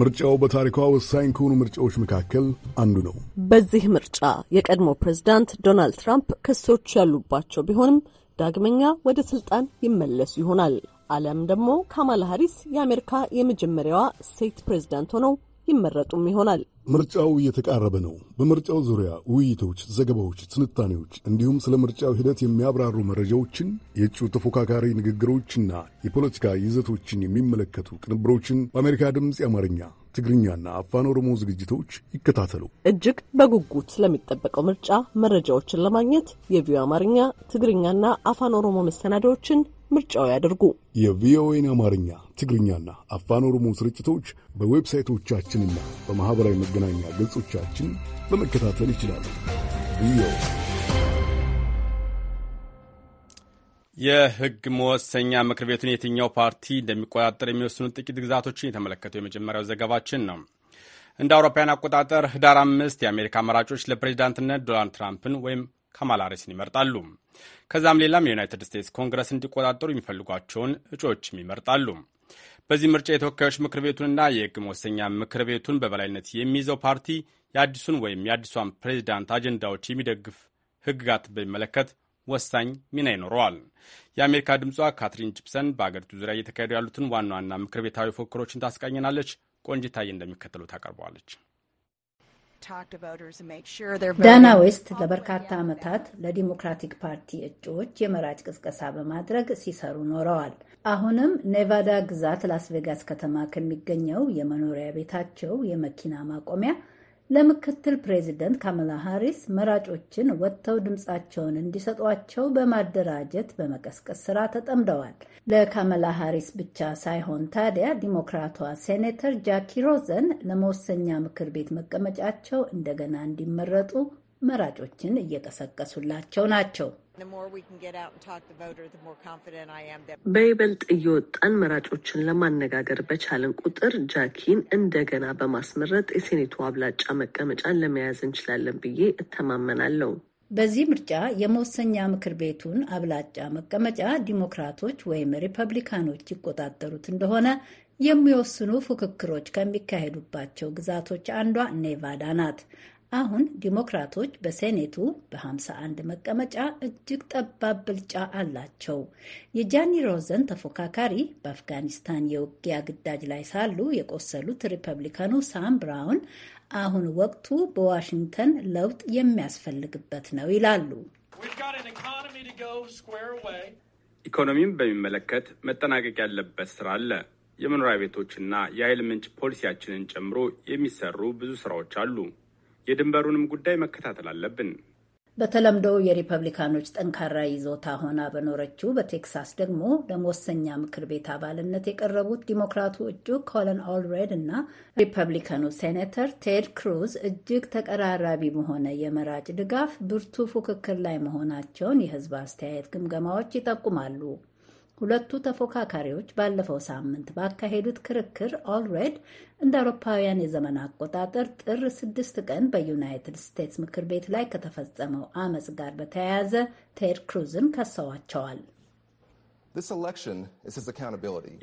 ምርጫው በታሪኳ ወሳኝ ከሆኑ ምርጫዎች መካከል አንዱ ነው። በዚህ ምርጫ የቀድሞ ፕሬዝዳንት ዶናልድ ትራምፕ ክሶች ያሉባቸው ቢሆንም ዳግመኛ ወደ ስልጣን ይመለሱ ይሆናል አሊያም ደግሞ ካማላ ሀሪስ የአሜሪካ የመጀመሪያዋ ሴት ፕሬዝዳንት ሆነው ይመረጡም ይሆናል። ምርጫው እየተቃረበ ነው። በምርጫው ዙሪያ ውይይቶች፣ ዘገባዎች፣ ትንታኔዎች እንዲሁም ስለ ምርጫው ሂደት የሚያብራሩ መረጃዎችን፣ የእጩ ተፎካካሪ ንግግሮችና የፖለቲካ ይዘቶችን የሚመለከቱ ቅንብሮችን በአሜሪካ ድምፅ የአማርኛ ትግርኛና አፋን ኦሮሞ ዝግጅቶች ይከታተሉ። እጅግ በጉጉት ስለሚጠበቀው ምርጫ መረጃዎችን ለማግኘት የቪዮ አማርኛ ትግርኛና አፋን ኦሮሞ መሰናዳዎችን ምርጫው ያደርጉ። የቪኦኤን አማርኛ፣ ትግርኛና አፋን ኦሮሞ ስርጭቶች በዌብሳይቶቻችንና በማኅበራዊ መገናኛ ገጾቻችን በመከታተል ይችላሉ። የሕግ መወሰኛ ምክር ቤቱን የትኛው ፓርቲ እንደሚቆጣጠር የሚወስኑት ጥቂት ግዛቶችን የተመለከተው የመጀመሪያው ዘገባችን ነው። እንደ አውሮፓውያን አቆጣጠር ህዳር አምስት የአሜሪካ መራጮች ለፕሬዚዳንትነት ዶናልድ ትራምፕን ወይም ካማላ ሃሪስን ይመርጣሉ። ከዛም ሌላም የዩናይትድ ስቴትስ ኮንግረስ እንዲቆጣጠሩ የሚፈልጓቸውን እጩዎችም ይመርጣሉ። በዚህ ምርጫ የተወካዮች ምክር ቤቱንና የሕግ መወሰኛ ምክር ቤቱን በበላይነት የሚይዘው ፓርቲ የአዲሱን ወይም የአዲሷን ፕሬዚዳንት አጀንዳዎች የሚደግፍ ሕግጋት በሚመለከት ወሳኝ ሚና ይኖረዋል። የአሜሪካ ድምጿ ካትሪን ጂፕሰን በአገሪቱ ዙሪያ እየተካሄዱ ያሉትን ዋና ዋና ምክር ቤታዊ ፉክክሮችን ታስቃኘናለች። ቆንጅታዬ እንደሚከተሉት ታቀርበዋለች። ዳና ዌስት ለበርካታ ዓመታት ለዲሞክራቲክ ፓርቲ እጩዎች የመራጭ ቅስቀሳ በማድረግ ሲሰሩ ኖረዋል። አሁንም ኔቫዳ ግዛት ላስቬጋስ ከተማ ከሚገኘው የመኖሪያ ቤታቸው የመኪና ማቆሚያ ለምክትል ፕሬዚደንት ካማላ ሃሪስ መራጮችን ወጥተው ድምፃቸውን እንዲሰጧቸው በማደራጀት በመቀስቀስ ስራ ተጠምደዋል። ለካማላ ሃሪስ ብቻ ሳይሆን ታዲያ ዲሞክራቷ ሴኔተር ጃኪ ሮዘን ለመወሰኛ ምክር ቤት መቀመጫቸው እንደገና እንዲመረጡ መራጮችን እየቀሰቀሱላቸው ናቸው። በይበልጥ እየወጣን መራጮችን ለማነጋገር በቻለን ቁጥር ጃኪን እንደገና በማስመረጥ የሴኔቱ አብላጫ መቀመጫን ለመያዝ እንችላለን ብዬ እተማመናለሁ። በዚህ ምርጫ የመወሰኛ ምክር ቤቱን አብላጫ መቀመጫ ዲሞክራቶች ወይም ሪፐብሊካኖች ይቆጣጠሩት እንደሆነ የሚወስኑ ፉክክሮች ከሚካሄዱባቸው ግዛቶች አንዷ ኔቫዳ ናት። አሁን ዲሞክራቶች በሴኔቱ በ51 መቀመጫ እጅግ ጠባብ ብልጫ አላቸው። የጃኒ ሮዘን ተፎካካሪ በአፍጋኒስታን የውጊያ ግዳጅ ላይ ሳሉ የቆሰሉት ሪፐብሊካኑ ሳም ብራውን አሁን ወቅቱ በዋሽንግተን ለውጥ የሚያስፈልግበት ነው ይላሉ። ኢኮኖሚን በሚመለከት መጠናቀቅ ያለበት ስራ አለ። የመኖሪያ ቤቶችና የኃይል ምንጭ ፖሊሲያችንን ጨምሮ የሚሰሩ ብዙ ስራዎች አሉ። የድንበሩንም ጉዳይ መከታተል አለብን። በተለምዶ የሪፐብሊካኖች ጠንካራ ይዞታ ሆና በኖረችው በቴክሳስ ደግሞ ለመወሰኛ ምክር ቤት አባልነት የቀረቡት ዲሞክራቱ እጩ ኮለን ኦልሬድ እና ሪፐብሊካኑ ሴኔተር ቴድ ክሩዝ እጅግ ተቀራራቢ በሆነ የመራጭ ድጋፍ ብርቱ ፉክክር ላይ መሆናቸውን የሕዝብ አስተያየት ግምገማዎች ይጠቁማሉ። ሁለቱ ተፎካካሪዎች ባለፈው ሳምንት ባካሄዱት ክርክር ኦልሬድ እንደ አውሮፓውያን የዘመን አቆጣጠር ጥር ስድስት ቀን በዩናይትድ ስቴትስ ምክር ቤት ላይ ከተፈጸመው አመፅ ጋር በተያያዘ ቴድ ክሩዝን ከሰዋቸዋል።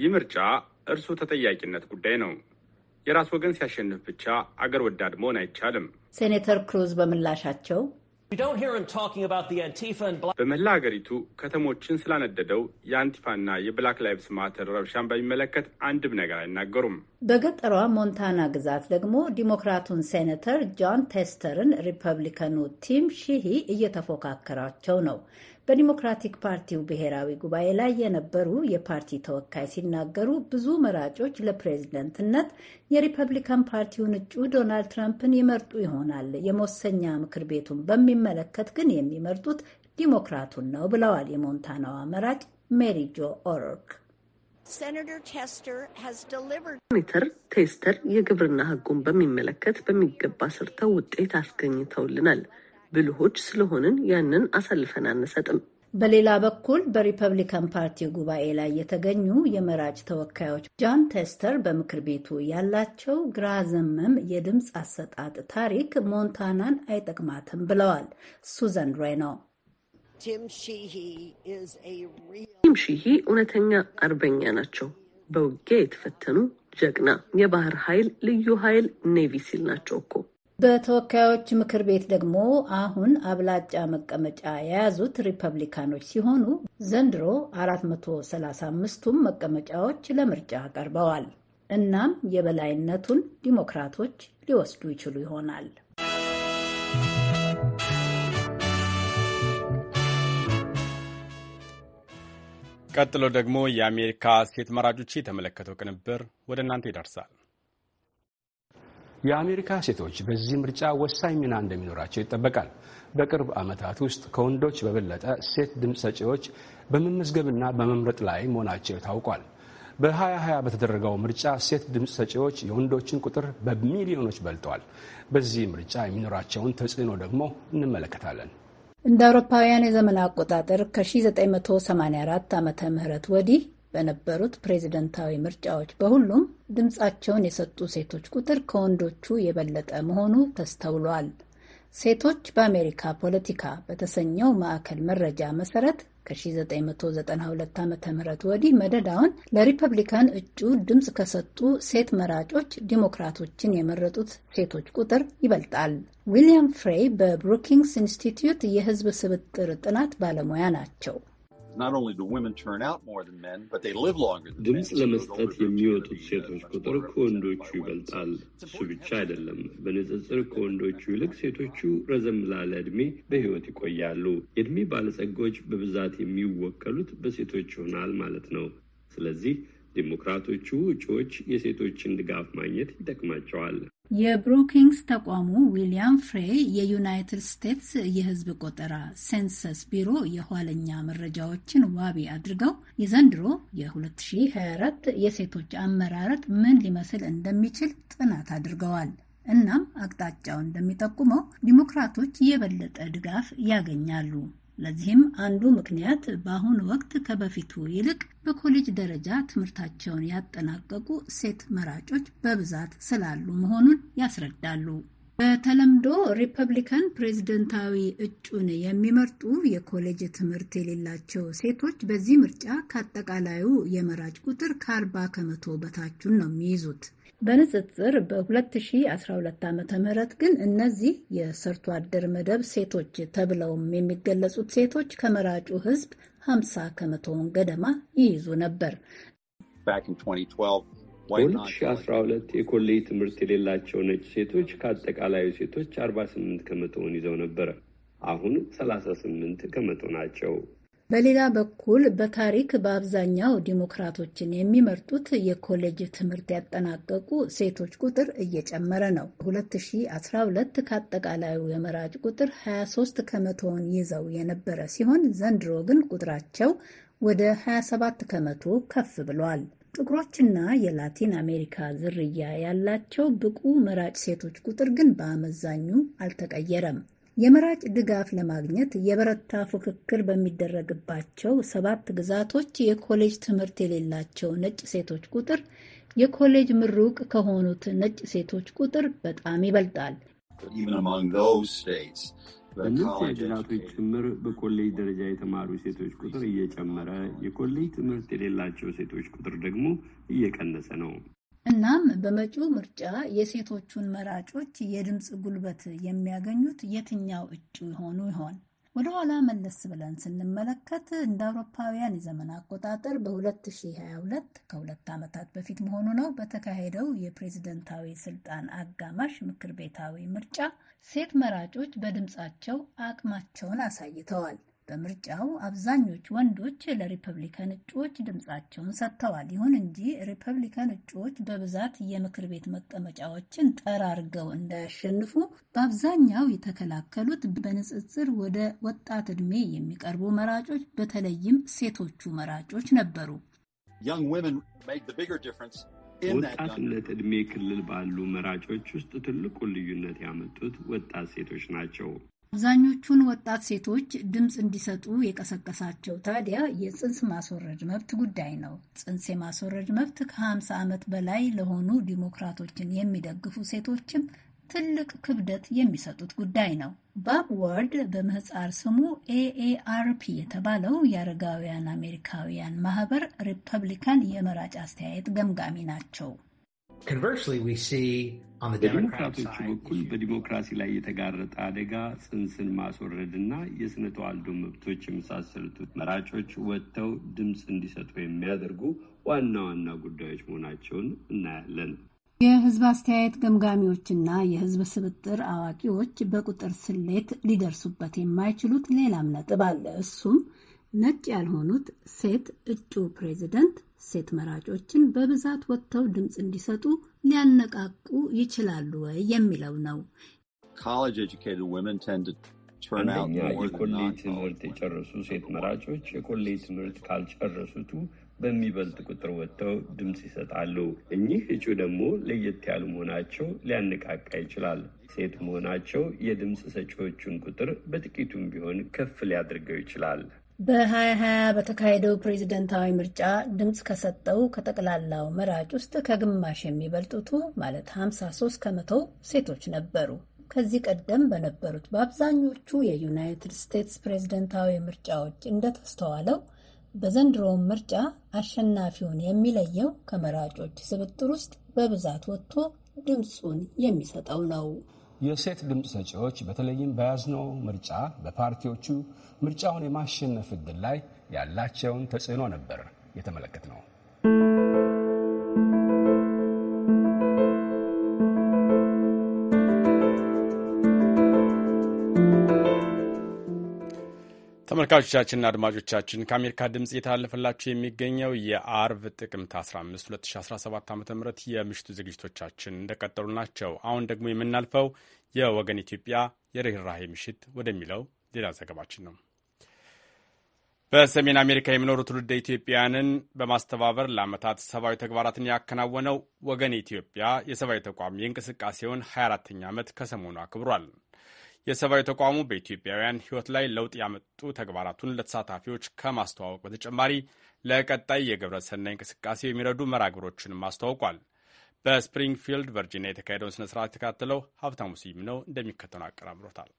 ይህ ምርጫ እርሱ ተጠያቂነት ጉዳይ ነው። የራስ ወገን ሲያሸንፍ ብቻ አገር ወዳድ መሆን አይቻልም። ሴኔተር ክሩዝ በምላሻቸው በመላ ሀገሪቱ ከተሞችን ስላነደደው የአንቲፋና የብላክ ላይቭስ ማተር ረብሻን በሚመለከት አንድም ነገር አይናገሩም። በገጠሯ ሞንታና ግዛት ደግሞ ዲሞክራቱን ሴኔተር ጆን ቴስተርን ሪፐብሊካኑ ቲም ሺሂ እየተፎካከራቸው ነው። በዲሞክራቲክ ፓርቲው ብሔራዊ ጉባኤ ላይ የነበሩ የፓርቲ ተወካይ ሲናገሩ ብዙ መራጮች ለፕሬዝደንትነት የሪፐብሊካን ፓርቲውን እጩ ዶናልድ ትራምፕን ይመርጡ ይሆናል፣ የመወሰኛ ምክር ቤቱን በሚመለከት ግን የሚመርጡት ዲሞክራቱን ነው ብለዋል። የሞንታናዋ መራጭ ሜሪ ጆ ኦሮርክ ሴኔተር ቴስተር የግብርና ሕጉን በሚመለከት በሚገባ ሰርተው ውጤት አስገኝተውልናል። ብልሆች ስለሆንን ያንን አሳልፈን አንሰጥም። በሌላ በኩል በሪፐብሊካን ፓርቲ ጉባኤ ላይ የተገኙ የመራጭ ተወካዮች ጃን ቴስተር በምክር ቤቱ ያላቸው ግራ ዘመም የድምፅ አሰጣጥ ታሪክ ሞንታናን አይጠቅማትም ብለዋል። ሱዘን ሮይ ነው። ቲም ሺሂ እውነተኛ አርበኛ ናቸው። በውጊያ የተፈተኑ ጀግና የባህር ኃይል ልዩ ኃይል ኔቪ ሲል ናቸው እኮ በተወካዮች ምክር ቤት ደግሞ አሁን አብላጫ መቀመጫ የያዙት ሪፐብሊካኖች ሲሆኑ ዘንድሮ 435ቱም መቀመጫዎች ለምርጫ ቀርበዋል። እናም የበላይነቱን ዲሞክራቶች ሊወስዱ ይችሉ ይሆናል። ቀጥሎ ደግሞ የአሜሪካ ሴት መራጮች የተመለከተው ቅንብር ወደ እናንተ ይደርሳል። የአሜሪካ ሴቶች በዚህ ምርጫ ወሳኝ ሚና እንደሚኖራቸው ይጠበቃል። በቅርብ ዓመታት ውስጥ ከወንዶች በበለጠ ሴት ድምፅ ሰጪዎች በመመዝገብና በመምረጥ ላይ መሆናቸው ታውቋል። በ2020 በተደረገው ምርጫ ሴት ድምፅ ሰጪዎች የወንዶችን ቁጥር በሚሊዮኖች በልጠዋል። በዚህ ምርጫ የሚኖራቸውን ተጽዕኖ ደግሞ እንመለከታለን። እንደ አውሮፓውያን የዘመን አቆጣጠር ከ1984 ዓ ም ወዲህ በነበሩት ፕሬዝደንታዊ ምርጫዎች በሁሉም ድምፃቸውን የሰጡ ሴቶች ቁጥር ከወንዶቹ የበለጠ መሆኑ ተስተውሏል። ሴቶች በአሜሪካ ፖለቲካ በተሰኘው ማዕከል መረጃ መሰረት ከ1992 ዓ ም ወዲህ መደዳውን ለሪፐብሊካን እጩ ድምፅ ከሰጡ ሴት መራጮች ዲሞክራቶችን የመረጡት ሴቶች ቁጥር ይበልጣል። ዊሊያም ፍሬይ በብሩኪንግስ ኢንስቲትዩት የሕዝብ ስብጥር ጥናት ባለሙያ ናቸው። ድምፅ ለመስጠት የሚወጡት ሴቶች ቁጥር ከወንዶቹ ይበልጣል። እሱ ብቻ አይደለም። በንጽጽር ከወንዶቹ ይልቅ ሴቶቹ ረዘም ላለ ዕድሜ በሕይወት ይቆያሉ። የዕድሜ ባለጸጎች በብዛት የሚወከሉት በሴቶች ይሆናል ማለት ነው። ስለዚህ ዲሞክራቶቹ እጩዎች የሴቶችን ድጋፍ ማግኘት ይጠቅማቸዋል። የብሮኪንግስ ተቋሙ ዊሊያም ፍሬ የዩናይትድ ስቴትስ የሕዝብ ቆጠራ ሴንሰስ ቢሮ የኋለኛ መረጃዎችን ዋቢ አድርገው የዘንድሮ የ2024 የሴቶች አመራረጥ ምን ሊመስል እንደሚችል ጥናት አድርገዋል። እናም አቅጣጫው እንደሚጠቁመው ዲሞክራቶች የበለጠ ድጋፍ ያገኛሉ። ለዚህም አንዱ ምክንያት በአሁኑ ወቅት ከበፊቱ ይልቅ በኮሌጅ ደረጃ ትምህርታቸውን ያጠናቀቁ ሴት መራጮች በብዛት ስላሉ መሆኑን ያስረዳሉ። በተለምዶ ሪፐብሊካን ፕሬዝደንታዊ እጩን የሚመርጡ የኮሌጅ ትምህርት የሌላቸው ሴቶች በዚህ ምርጫ ከአጠቃላዩ የመራጭ ቁጥር ከአርባ ከመቶ በታቹን ነው የሚይዙት። በንጽጽር በ2012 ዓ ም ግን እነዚህ የሰርቶ አደር መደብ ሴቶች ተብለውም የሚገለጹት ሴቶች ከመራጩ ህዝብ 50 ከመቶውን ገደማ ይይዙ ነበር። በ2012 የኮሌጅ ትምህርት የሌላቸው ነጭ ሴቶች ከአጠቃላዩ ሴቶች 48 ከመቶውን ይዘው ነበረ። አሁን 38 ከመቶ ናቸው። በሌላ በኩል በታሪክ በአብዛኛው ዲሞክራቶችን የሚመርጡት የኮሌጅ ትምህርት ያጠናቀቁ ሴቶች ቁጥር እየጨመረ ነው። 2012 ከአጠቃላዩ የመራጭ ቁጥር 23 ከመቶውን ይዘው የነበረ ሲሆን ዘንድሮ ግን ቁጥራቸው ወደ 27 ከመቶ ከፍ ብሏል። ጥቁሮችና የላቲን አሜሪካ ዝርያ ያላቸው ብቁ መራጭ ሴቶች ቁጥር ግን በአመዛኙ አልተቀየረም። የመራጭ ድጋፍ ለማግኘት የበረታ ፉክክር በሚደረግባቸው ሰባት ግዛቶች የኮሌጅ ትምህርት የሌላቸው ነጭ ሴቶች ቁጥር የኮሌጅ ምሩቅ ከሆኑት ነጭ ሴቶች ቁጥር በጣም ይበልጣል። በእነዚህ ግዛቶች ጭምር በኮሌጅ ደረጃ የተማሩ ሴቶች ቁጥር እየጨመረ፣ የኮሌጅ ትምህርት የሌላቸው ሴቶች ቁጥር ደግሞ እየቀነሰ ነው። እናም በመጪው ምርጫ የሴቶቹን መራጮች የድምፅ ጉልበት የሚያገኙት የትኛው እጩ የሆኑ ይሆን? ወደ ኋላ መለስ ብለን ስንመለከት እንደ አውሮፓውያን የዘመን አቆጣጠር በ2022 ከሁለት ዓመታት በፊት መሆኑ ነው በተካሄደው የፕሬዝደንታዊ ስልጣን አጋማሽ ምክር ቤታዊ ምርጫ ሴት መራጮች በድምፃቸው አቅማቸውን አሳይተዋል። በምርጫው አብዛኞቹ ወንዶች ለሪፐብሊካን እጩዎች ድምፃቸውን ሰጥተዋል። ይሁን እንጂ ሪፐብሊካን እጩዎች በብዛት የምክር ቤት መቀመጫዎችን ጠራርገው እንዳያሸንፉ በአብዛኛው የተከላከሉት በንጽጽር ወደ ወጣት ዕድሜ የሚቀርቡ መራጮች፣ በተለይም ሴቶቹ መራጮች ነበሩ። ወጣትነት ዕድሜ ክልል ባሉ መራጮች ውስጥ ትልቁን ልዩነት ያመጡት ወጣት ሴቶች ናቸው። አብዛኞቹን ወጣት ሴቶች ድምፅ እንዲሰጡ የቀሰቀሳቸው ታዲያ የፅንስ ማስወረድ መብት ጉዳይ ነው። ፅንስ የማስወረድ መብት ከ50 ዓመት በላይ ለሆኑ ዲሞክራቶችን የሚደግፉ ሴቶችም ትልቅ ክብደት የሚሰጡት ጉዳይ ነው። ባብ ወርድ በምህፃር ስሙ ኤኤአርፒ የተባለው የአረጋውያን አሜሪካውያን ማህበር ሪፐብሊካን የመራጭ አስተያየት ገምጋሚ ናቸው። በዲሞክራቶቹ በኩል በዲሞክራሲ ላይ የተጋረጠ አደጋ ጽንስን ማስወረድና የስነ ተዋልዶ መብቶች የመሳሰሉት መራጮች ወጥተው ድምፅ እንዲሰጡ የሚያደርጉ ዋና ዋና ጉዳዮች መሆናቸውን እናያለን። የህዝብ አስተያየት ገምጋሚዎችና የህዝብ ስብጥር አዋቂዎች በቁጥር ስሌት ሊደርሱበት የማይችሉት ሌላም ነጥብ አለ። እሱም ነጭ ያልሆኑት ሴት እጩ ፕሬዚደንት ሴት መራጮችን በብዛት ወጥተው ድምፅ እንዲሰጡ ሊያነቃቁ ይችላሉ ወይ የሚለው ነው። አንደኛ የኮሌጅ ትምህርት የጨረሱ ሴት መራጮች የኮሌጅ ትምህርት ካልጨረሱቱ በሚበልጥ ቁጥር ወጥተው ድምፅ ይሰጣሉ። እኚህ እጩ ደግሞ ለየት ያሉ መሆናቸው ሊያነቃቃ ይችላል። ሴት መሆናቸው የድምፅ ሰጪዎቹን ቁጥር በጥቂቱም ቢሆን ከፍ ሊያደርገው ይችላል። በ2020 በተካሄደው ፕሬዝደንታዊ ምርጫ ድምፅ ከሰጠው ከጠቅላላው መራጭ ውስጥ ከግማሽ የሚበልጡቱ ማለት 53 ከመቶ ሴቶች ነበሩ። ከዚህ ቀደም በነበሩት በአብዛኞቹ የዩናይትድ ስቴትስ ፕሬዝደንታዊ ምርጫዎች እንደተስተዋለው በዘንድሮው ምርጫ አሸናፊውን የሚለየው ከመራጮች ስብጥር ውስጥ በብዛት ወጥቶ ድምፁን የሚሰጠው ነው። የሴት ድምፅ ሰጪዎች በተለይም በያዝነው ምርጫ በፓርቲዎቹ ምርጫውን የማሸነፍ ዕድል ላይ ያላቸውን ተጽዕኖ ነበር የተመለከት ነው። ተመልካቾቻችንና አድማጮቻችን ከአሜሪካ ድምፅ እየተላለፈላችሁ የሚገኘው የአርብ ጥቅምት 15 2017 ዓ ም የምሽቱ ዝግጅቶቻችን እንደቀጠሉ ናቸው። አሁን ደግሞ የምናልፈው የወገን ኢትዮጵያ የርኅራሄ ምሽት ወደሚለው ሌላ ዘገባችን ነው። በሰሜን አሜሪካ የሚኖሩ ትውልደ ኢትዮጵያውያንን በማስተባበር ለዓመታት ሰብአዊ ተግባራትን ያከናወነው ወገን ኢትዮጵያ የሰብአዊ ተቋም የእንቅስቃሴውን 24ኛ ዓመት ከሰሞኑ አክብሯል። የሰብአዊ ተቋሙ በኢትዮጵያውያን ሕይወት ላይ ለውጥ ያመጡ ተግባራቱን ለተሳታፊዎች ከማስተዋወቅ በተጨማሪ ለቀጣይ የግብረ ሰናይ እንቅስቃሴ የሚረዱ መራግብሮችንም አስተዋውቋል። በስፕሪንግፊልድ ቨርጂኒያ የተካሄደውን ስነ ስርዓት የተካተለው ሀብታሙ ስዩም ነው፣ እንደሚከተለው አቀራምሮታል።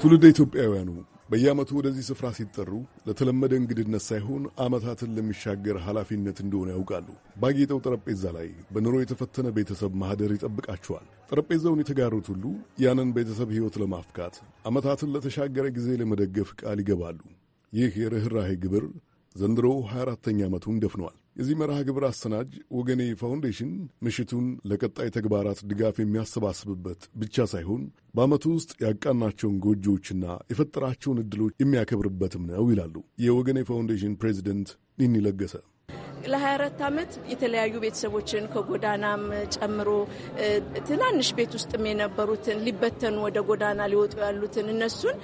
ትውልደ ኢትዮጵያውያኑ በየዓመቱ ወደዚህ ስፍራ ሲጠሩ ለተለመደ እንግድነት ሳይሆን ዓመታትን ለሚሻገር ኃላፊነት እንደሆነ ያውቃሉ። ባጌጠው ጠረጴዛ ላይ በኑሮ የተፈተነ ቤተሰብ ማህደር ይጠብቃቸዋል። ጠረጴዛውን የተጋሩት ሁሉ ያንን ቤተሰብ ሕይወት ለማፍካት ዓመታትን ለተሻገረ ጊዜ ለመደገፍ ቃል ይገባሉ። ይህ የርኅራሄ ግብር ዘንድሮ 24ተኛ ዓመቱን ደፍነዋል። የዚህ መርሃ ግብር አሰናጅ ወገኔ ፋውንዴሽን ምሽቱን ለቀጣይ ተግባራት ድጋፍ የሚያሰባስብበት ብቻ ሳይሆን በዓመቱ ውስጥ ያቃናቸውን ጎጆዎችና የፈጠራቸውን እድሎች የሚያከብርበትም ነው ይላሉ የወገኔ ፋውንዴሽን ፕሬዚደንት ኒኒ ለገሰ። ለ24 ዓመት የተለያዩ ቤተሰቦችን ከጎዳናም ጨምሮ ትናንሽ ቤት ውስጥም የነበሩትን ሊበተኑ ወደ ጎዳና ሊወጡ ያሉትን እነሱን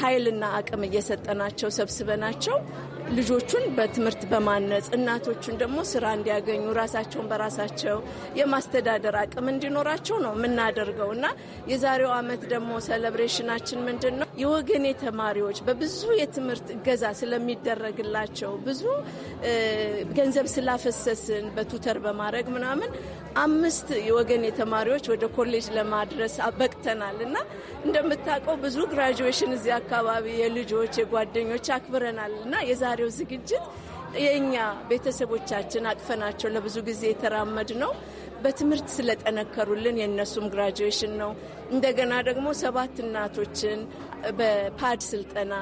ኃይልና አቅም እየሰጠናቸው ሰብስበናቸው ልጆቹን በትምህርት በማነጽ እናቶችን ደግሞ ስራ እንዲያገኙ ራሳቸውን በራሳቸው የማስተዳደር አቅም እንዲኖራቸው ነው የምናደርገው እና የዛሬው አመት ደግሞ ሴሌብሬሽናችን ምንድን ነው? የወገኔ ተማሪዎች በብዙ የትምህርት እገዛ ስለሚደረግላቸው ብዙ ገንዘብ ስላፈሰስን በቱተር በማድረግ ምናምን አምስት የወገኔ ተማሪዎች ወደ ኮሌጅ ለማድረስ አበቅተናል እና እንደምታውቀው ብዙ ግራጁዌሽን እዚህ አካባቢ የልጆች የጓደኞች አክብረናል እና የዛሬ የዛሬው ዝግጅት የእኛ ቤተሰቦቻችን አቅፈናቸው ለብዙ ጊዜ የተራመድ ነው። በትምህርት ስለጠነከሩልን የእነሱም ግራጁዌሽን ነው። እንደገና ደግሞ ሰባት እናቶችን በፓድ ስልጠና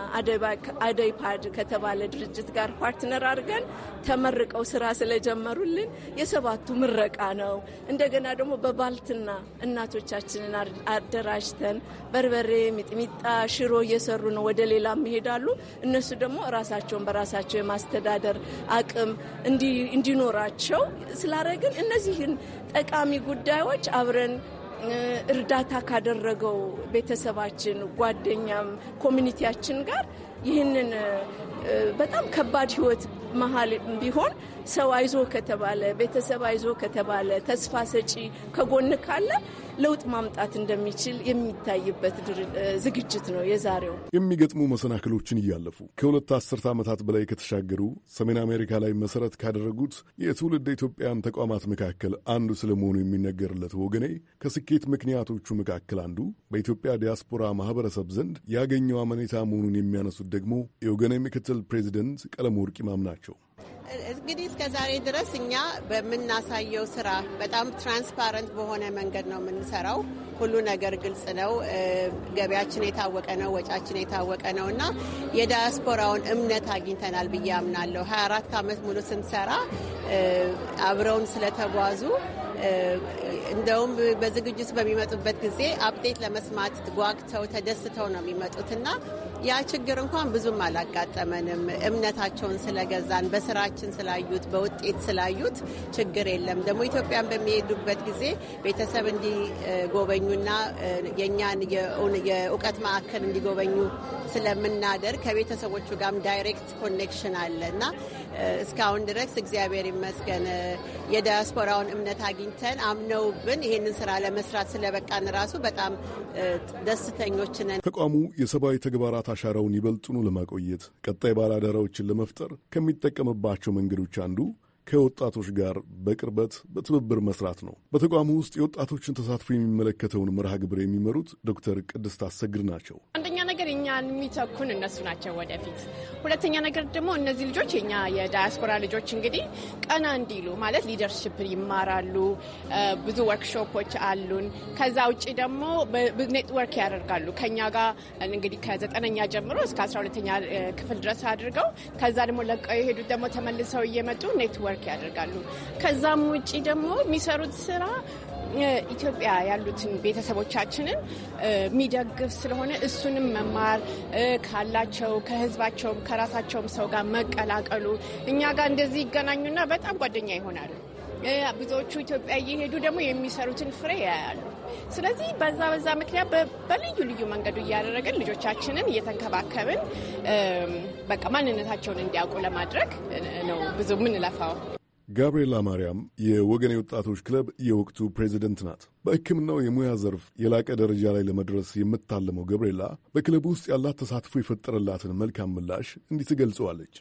አደይ ፓድ ከተባለ ድርጅት ጋር ፓርትነር አድርገን ተመርቀው ስራ ስለጀመሩልን የሰባቱ ምረቃ ነው። እንደገና ደግሞ በባልትና እናቶቻችንን አደራጅተን በርበሬ፣ ሚጥሚጣ፣ ሽሮ እየሰሩ ነው። ወደ ሌላም ይሄዳሉ። እነሱ ደግሞ ራሳቸውን በራሳቸው የማስተዳደር አቅም እንዲኖራቸው ስላረግን እነዚህን ጠቃሚ ጉዳዮች አብረን እርዳታ ካደረገው ቤተሰባችን፣ ጓደኛም፣ ኮሚኒቲያችን ጋር ይህንን በጣም ከባድ ህይወት መሀል ቢሆን ሰው አይዞ ከተባለ ቤተሰብ አይዞ ከተባለ ተስፋ ሰጪ ከጎን ካለ ለውጥ ማምጣት እንደሚችል የሚታይበት ዝግጅት ነው የዛሬው። የሚገጥሙ መሰናክሎችን እያለፉ ከሁለት አስርት ዓመታት በላይ ከተሻገሩ ሰሜን አሜሪካ ላይ መሰረት ካደረጉት የትውልድ ኢትዮጵያን ተቋማት መካከል አንዱ ስለመሆኑ የሚነገርለት ወገኔ ከስኬት ምክንያቶቹ መካከል አንዱ በኢትዮጵያ ዲያስፖራ ማህበረሰብ ዘንድ ያገኘው አመኔታ መሆኑን የሚያነሱት ደግሞ የወገኔ ምክትል ፕሬዚደንት ቀለም ወርቅ ኢማም ናቸው። እንግዲህ እስከ ዛሬ ድረስ እኛ በምናሳየው ስራ በጣም ትራንስፓረንት በሆነ መንገድ ነው የምንሰራው። ሁሉ ነገር ግልጽ ነው። ገበያችን የታወቀ ነው። ወጫችን የታወቀ ነው እና የዳያስፖራውን እምነት አግኝተናል ብዬ አምናለሁ። 24 ዓመት ሙሉ ስንሰራ አብረውን ስለተጓዙ እንደውም በዝግጅት በሚመጡበት ጊዜ አፕዴት ለመስማት ጓግተው ተደስተው ነው የሚመጡትና ያ ችግር እንኳን ብዙም አላጋጠመንም። እምነታቸውን ስለገዛን፣ በስራችን ስላዩት፣ በውጤት ስላዩት ችግር የለም። ደግሞ ኢትዮጵያን በሚሄዱበት ጊዜ ቤተሰብ እንዲጎበኙና የእኛን የእውቀት ማዕከል እንዲጎበኙ ስለምናደርግ ከቤተሰቦቹ ጋርም ዳይሬክት ኮኔክሽን አለ እና እስካሁን ድረስ እግዚአብሔር ይመስገን የዳያስፖራውን እምነት አግኝተን አምነውብን ይህንን ስራ ለመስራት ስለበቃን ራሱ በጣም ደስተኞች ነን። ተቋሙ የሰብአዊ ተግባራት አሻራውን ይበልጡኑ ለማቆየት ቀጣይ ባለአደራዎችን ለመፍጠር ከሚጠቀምባቸው መንገዶች አንዱ ከወጣቶች ጋር በቅርበት በትብብር መስራት ነው። በተቋሙ ውስጥ የወጣቶችን ተሳትፎ የሚመለከተውን መርሃ ግብር የሚመሩት ዶክተር ቅድስት አሰግድ ናቸው። አንደኛ ነገር እኛን የሚተኩን እነሱ ናቸው ወደፊት። ሁለተኛ ነገር ደግሞ እነዚህ ልጆች የኛ የዳያስፖራ ልጆች እንግዲህ ቀና እንዲሉ ማለት ሊደርሽፕ ይማራሉ። ብዙ ወርክሾፖች አሉን። ከዛ ውጭ ደግሞ ኔትወርክ ያደርጋሉ ከኛ ጋር እንግዲህ ከዘጠነኛ ጀምሮ እስከ አስራ ሁለተኛ ክፍል ድረስ አድርገው ከዛ ደግሞ ለቀው የሄዱት ደግሞ ተመልሰው እየመጡ ኔትወርክ ወርክ ያደርጋሉ። ከዛም ውጪ ደግሞ የሚሰሩት ስራ ኢትዮጵያ ያሉትን ቤተሰቦቻችንን የሚደግፍ ስለሆነ እሱንም መማር ካላቸው ከህዝባቸውም ከራሳቸውም ሰው ጋር መቀላቀሉ እኛ ጋር እንደዚህ ይገናኙና በጣም ጓደኛ ይሆናሉ። ብዙዎቹ ኢትዮጵያ እየሄዱ ደግሞ የሚሰሩትን ፍሬ ያያሉ። ስለዚህ በዛ በዛ ምክንያት በልዩ ልዩ መንገዱ እያደረግን ልጆቻችንን እየተንከባከብን በቃ ማንነታቸውን እንዲያውቁ ለማድረግ ነው ብዙ የምንለፋው። ጋብርኤላ ማርያም የወገኔ ወጣቶች ክለብ የወቅቱ ፕሬዚደንት ናት። በሕክምናው የሙያ ዘርፍ የላቀ ደረጃ ላይ ለመድረስ የምታለመው ገብርኤላ በክለቡ ውስጥ ያላት ተሳትፎ የፈጠረላትን መልካም ምላሽ እንዲህ ትገልጸዋለች።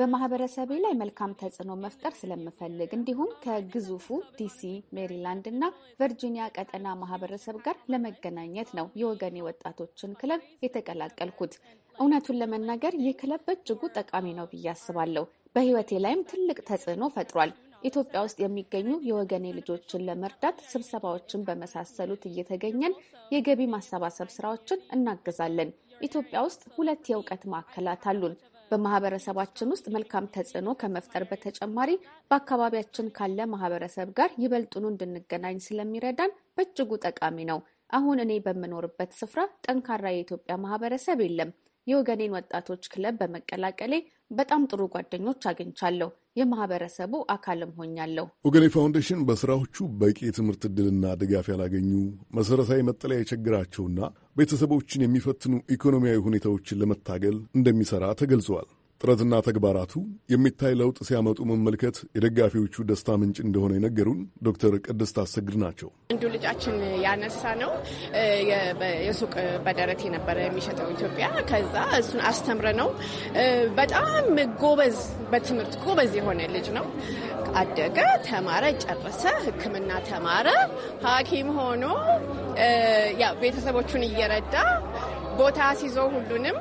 በማህበረሰቤ ላይ መልካም ተጽዕኖ መፍጠር ስለምፈልግ እንዲሁም ከግዙፉ ዲሲ፣ ሜሪላንድ እና ቨርጂኒያ ቀጠና ማህበረሰብ ጋር ለመገናኘት ነው የወገኔ ወጣቶችን ክለብ የተቀላቀልኩት። እውነቱን ለመናገር ይህ ክለብ በእጅጉ ጠቃሚ ነው ብዬ አስባለሁ። በህይወቴ ላይም ትልቅ ተጽዕኖ ፈጥሯል። ኢትዮጵያ ውስጥ የሚገኙ የወገኔ ልጆችን ለመርዳት ስብሰባዎችን በመሳሰሉት እየተገኘን የገቢ ማሰባሰብ ስራዎችን እናግዛለን። ኢትዮጵያ ውስጥ ሁለት የእውቀት ማዕከላት አሉን። በማህበረሰባችን ውስጥ መልካም ተጽዕኖ ከመፍጠር በተጨማሪ በአካባቢያችን ካለ ማህበረሰብ ጋር ይበልጡኑ እንድንገናኝ ስለሚረዳን በእጅጉ ጠቃሚ ነው። አሁን እኔ በምኖርበት ስፍራ ጠንካራ የኢትዮጵያ ማህበረሰብ የለም። የወገኔን ወጣቶች ክለብ በመቀላቀሌ በጣም ጥሩ ጓደኞች አግኝቻለሁ። የማህበረሰቡ አካልም ሆኛለሁ። ወገኔ ፋውንዴሽን በስራዎቹ በቂ የትምህርት ዕድልና ድጋፍ ያላገኙ መሰረታዊ መጠለያ የቸግራቸውና ቤተሰቦችን የሚፈትኑ ኢኮኖሚያዊ ሁኔታዎችን ለመታገል እንደሚሰራ ተገልጿል። ጥረትና ተግባራቱ የሚታይ ለውጥ ሲያመጡ መመልከት የደጋፊዎቹ ደስታ ምንጭ እንደሆነ የነገሩን ዶክተር ቅድስት አሰግድ ናቸው። አንዱ ልጃችን ያነሳ ነው የሱቅ በደረት የነበረ የሚሸጠው ኢትዮጵያ። ከዛ እሱን አስተምረ ነው። በጣም ጎበዝ በትምህርት ጎበዝ የሆነ ልጅ ነው። አደገ፣ ተማረ፣ ጨረሰ፣ ሕክምና ተማረ፣ ሐኪም ሆኖ ቤተሰቦቹን እየረዳ ቦታ ሲዞ ሁሉንም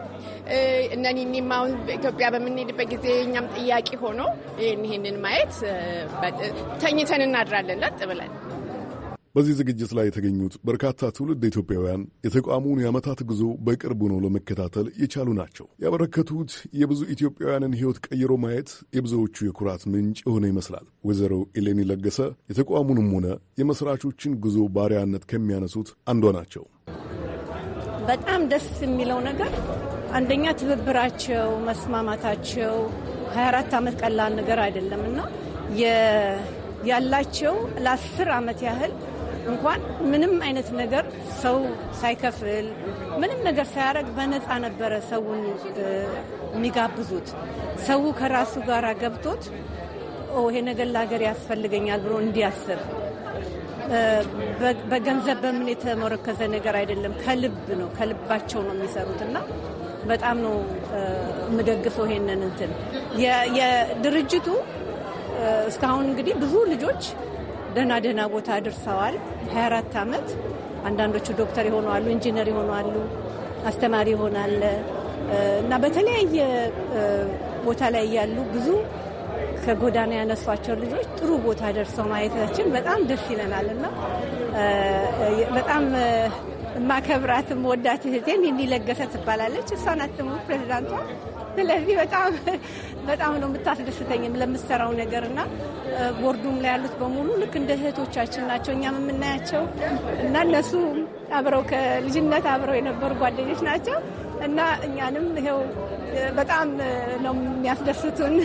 እነኒ እኔም አሁን በኢትዮጵያ በምንሄድበት ጊዜ እኛም ጥያቄ ሆኖ ይህን ይህንን ማየት ተኝተን እናድራለን ለጥ ብለን። በዚህ ዝግጅት ላይ የተገኙት በርካታ ትውልድ ኢትዮጵያውያን የተቋሙን የዓመታት ጉዞ በቅርቡ ነው ለመከታተል የቻሉ ናቸው። ያበረከቱት የብዙ ኢትዮጵያውያንን ሕይወት ቀይሮ ማየት የብዙዎቹ የኩራት ምንጭ የሆነ ይመስላል። ወይዘሮ ኤሌኒ ለገሰ የተቋሙንም ሆነ የመስራቾችን ጉዞ ባሪያነት ከሚያነሱት አንዷ ናቸው። በጣም ደስ የሚለው ነገር አንደኛ ትብብራቸው፣ መስማማታቸው 24 ዓመት ቀላል ነገር አይደለም እና ያላቸው ለአስር ዓመት ያህል እንኳን ምንም አይነት ነገር ሰው ሳይከፍል ምንም ነገር ሳያደርግ በነፃ ነበረ ሰውን የሚጋብዙት። ሰው ከራሱ ጋር ገብቶት ይሄ ነገር ለሀገር ያስፈልገኛል ብሎ እንዲያስብ በገንዘብ በምን የተመረከዘ ነገር አይደለም። ከልብ ነው፣ ከልባቸው ነው የሚሰሩት እና በጣም ነው የምደግፈው ይሄንን እንትን የድርጅቱ እስካሁን እንግዲህ ብዙ ልጆች ደህና ደህና ቦታ ደርሰዋል። 24 ዓመት አንዳንዶቹ ዶክተር የሆኑ አሉ፣ ኢንጂነር የሆኑ አሉ፣ አስተማሪ ይሆናል እና በተለያየ ቦታ ላይ ያሉ ብዙ ከጎዳና ያነሷቸው ልጆች ጥሩ ቦታ ደርሰው ማየታችን በጣም ደስ ይለናል እና በጣም ማከብራትም ወዳት እህቴን የሚለገሰ ትባላለች። እሷ ናት ደግሞ ፕሬዚዳንቷ። ስለዚህ በጣም *laughs* በጣም ነው የምታስደስተኝም ለምሰራው ነገር እና ቦርዱም ላይ ያሉት በሙሉ ልክ እንደ እህቶቻችን ናቸው እኛም የምናያቸው እና እነሱ አብረው ከልጅነት አብረው የነበሩ ጓደኞች ናቸው። እና እኛንም ይኸው በጣም ነው የሚያስደስቱን።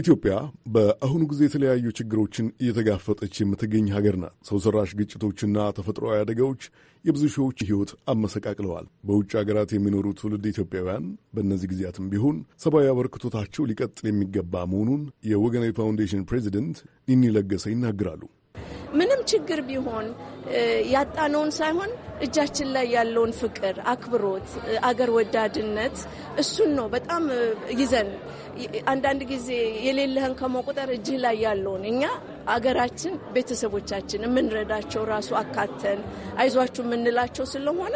ኢትዮጵያ በአሁኑ ጊዜ የተለያዩ ችግሮችን እየተጋፈጠች የምትገኝ ሀገር ናት። ሰው ሰራሽ ግጭቶችና ተፈጥሯዊ አደጋዎች የብዙ ሺዎች ሕይወት አመሰቃቅለዋል። በውጭ ሀገራት የሚኖሩ ትውልድ ኢትዮጵያውያን በእነዚህ ጊዜያትም ቢሆን ሰብአዊ አበርክቶታቸው ሊቀጥል የሚገባ መሆኑን የወገናዊ ፋውንዴሽን ፕሬዚደንት ኒኒ ለገሰ ይናገራሉ። ምንም ችግር ቢሆን ያጣነውን ሳይሆን እጃችን ላይ ያለውን ፍቅር፣ አክብሮት፣ አገር ወዳድነት እሱን ነው በጣም ይዘን አንዳንድ ጊዜ የሌለህን ከመቁጠር እጅህ ላይ ያለውን እኛ አገራችን፣ ቤተሰቦቻችን የምንረዳቸው ራሱ አካተን አይዟችሁ የምንላቸው ስለሆነ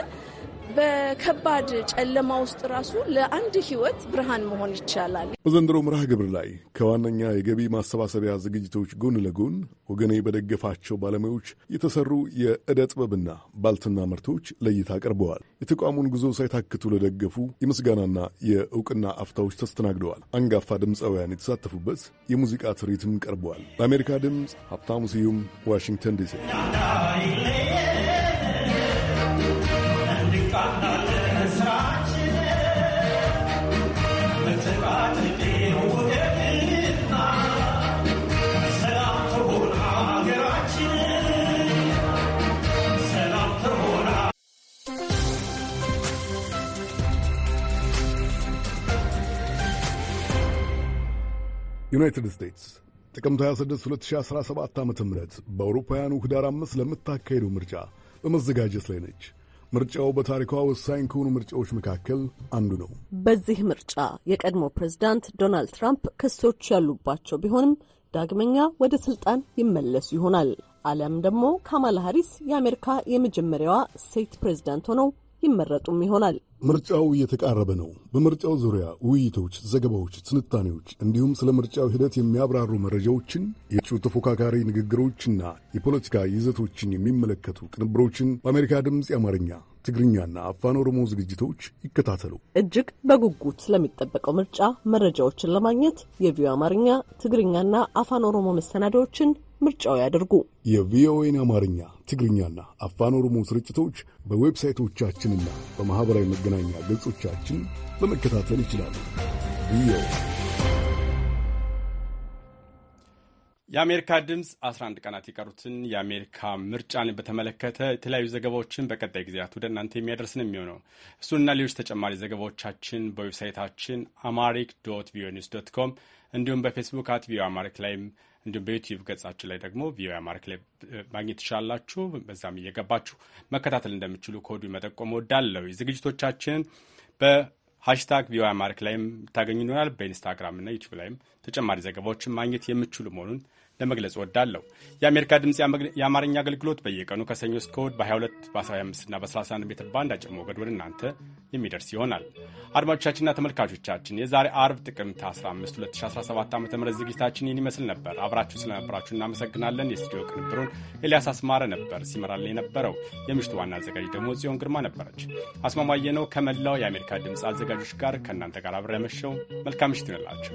በከባድ ጨለማ ውስጥ ራሱ ለአንድ ሕይወት ብርሃን መሆን ይቻላል። በዘንድሮ መርሃ ግብር ላይ ከዋነኛ የገቢ ማሰባሰቢያ ዝግጅቶች ጎን ለጎን ወገኔ በደገፋቸው ባለሙያዎች የተሰሩ የዕደ ጥበብና ባልትና ምርቶች ለእይታ ቀርበዋል። የተቋሙን ጉዞ ሳይታክቱ ለደገፉ የምስጋናና የእውቅና አፍታዎች ተስተናግደዋል። አንጋፋ ድምፃውያን የተሳተፉበት የሙዚቃ ትርኢትም ቀርበዋል። ለአሜሪካ ድምፅ ሀብታሙ ስዩም ዋሽንግተን ዲሲ ዩናይትድ ስቴትስ ጥቅምት 26 2017 ዓ ም በአውሮፓውያኑ ኅዳር አምስት ለምታካሄደው ምርጫ በመዘጋጀት ላይ ነች። ምርጫው በታሪኳ ወሳኝ ከሆኑ ምርጫዎች መካከል አንዱ ነው። በዚህ ምርጫ የቀድሞ ፕሬዝዳንት ዶናልድ ትራምፕ ክሶች ያሉባቸው ቢሆንም ዳግመኛ ወደ ስልጣን ይመለሱ ይሆናል። አሊያም ደግሞ ካማላ ሃሪስ የአሜሪካ የመጀመሪያዋ ሴት ፕሬዝዳንት ሆነው ይመረጡም ይሆናል። ምርጫው እየተቃረበ ነው። በምርጫው ዙሪያ ውይይቶች፣ ዘገባዎች፣ ትንታኔዎች እንዲሁም ስለ ምርጫው ሂደት የሚያብራሩ መረጃዎችን፣ የእጩ ተፎካካሪ ንግግሮችና የፖለቲካ ይዘቶችን የሚመለከቱ ቅንብሮችን በአሜሪካ ድምፅ የአማርኛ ትግርኛና አፋን ኦሮሞ ዝግጅቶች ይከታተሉ። እጅግ በጉጉት ስለሚጠበቀው ምርጫ መረጃዎችን ለማግኘት የቪዮ አማርኛ ትግርኛና አፋን ኦሮሞ መሰናዳዎችን ምርጫው ያደርጉ። የቪኦኤን አማርኛ፣ ትግርኛና አፋን ኦሮሞ ስርጭቶች በዌብሳይቶቻችንና በማኅበራዊ መገናኛ ገጾቻችን ለመከታተል ይችላሉ። የአሜሪካ ድምፅ 11 ቀናት የቀሩትን የአሜሪካ ምርጫን በተመለከተ የተለያዩ ዘገባዎችን በቀጣይ ጊዜያት ወደ እናንተ የሚያደርስን የሚሆነው እሱንና ሌሎች ተጨማሪ ዘገባዎቻችን በዌብሳይታችን አማሪክ ዶት ቪኦኤ ኒውስ ዶት ኮም እንዲሁም በፌስቡክ አት ቪኦኤ አማሪክ ላይም እንዲሁም በዩቲዩብ ገጻችን ላይ ደግሞ ቪኦኤ አማርክ ላይ ማግኘት ትችላላችሁ። በዛም እየገባችሁ መከታተል እንደምችሉ ከወዲሁ መጠቆም ወዳለው ዝግጅቶቻችንን በሃሽታግ ቪኦኤ አማርክ ላይም ታገኙ ይሆናል። በኢንስታግራም እና ዩቲዩብ ላይም ተጨማሪ ዘገባዎችን ማግኘት የምችሉ መሆኑን ለመግለጽ እወዳለሁ። የአሜሪካ ድምፅ የአማርኛ አገልግሎት በየቀኑ ከሰኞ እስከ እሁድ በ22 በ25 እና በ31 ሜትር ባንድ አጭር ሞገድ ወደ እናንተ የሚደርስ ይሆናል። አድማጮቻችንና ተመልካቾቻችን የዛሬ አርብ ጥቅምት 15 2017 ዓ ም ዝግጅታችን ይህን ይመስል ነበር። አብራችሁ ስለነበራችሁ እናመሰግናለን። የስቱዲዮ ቅንብሩን ኤልያስ አስማረ ነበር ሲመራል የነበረው። የምሽቱ ዋና አዘጋጅ ደግሞ ጽዮን ግርማ ነበረች። አስማማየ ነው ከመላው የአሜሪካ ድምፅ አዘጋጆች ጋር ከእናንተ ጋር አብረ መሸው። መልካም ምሽት ይሆንላችሁ።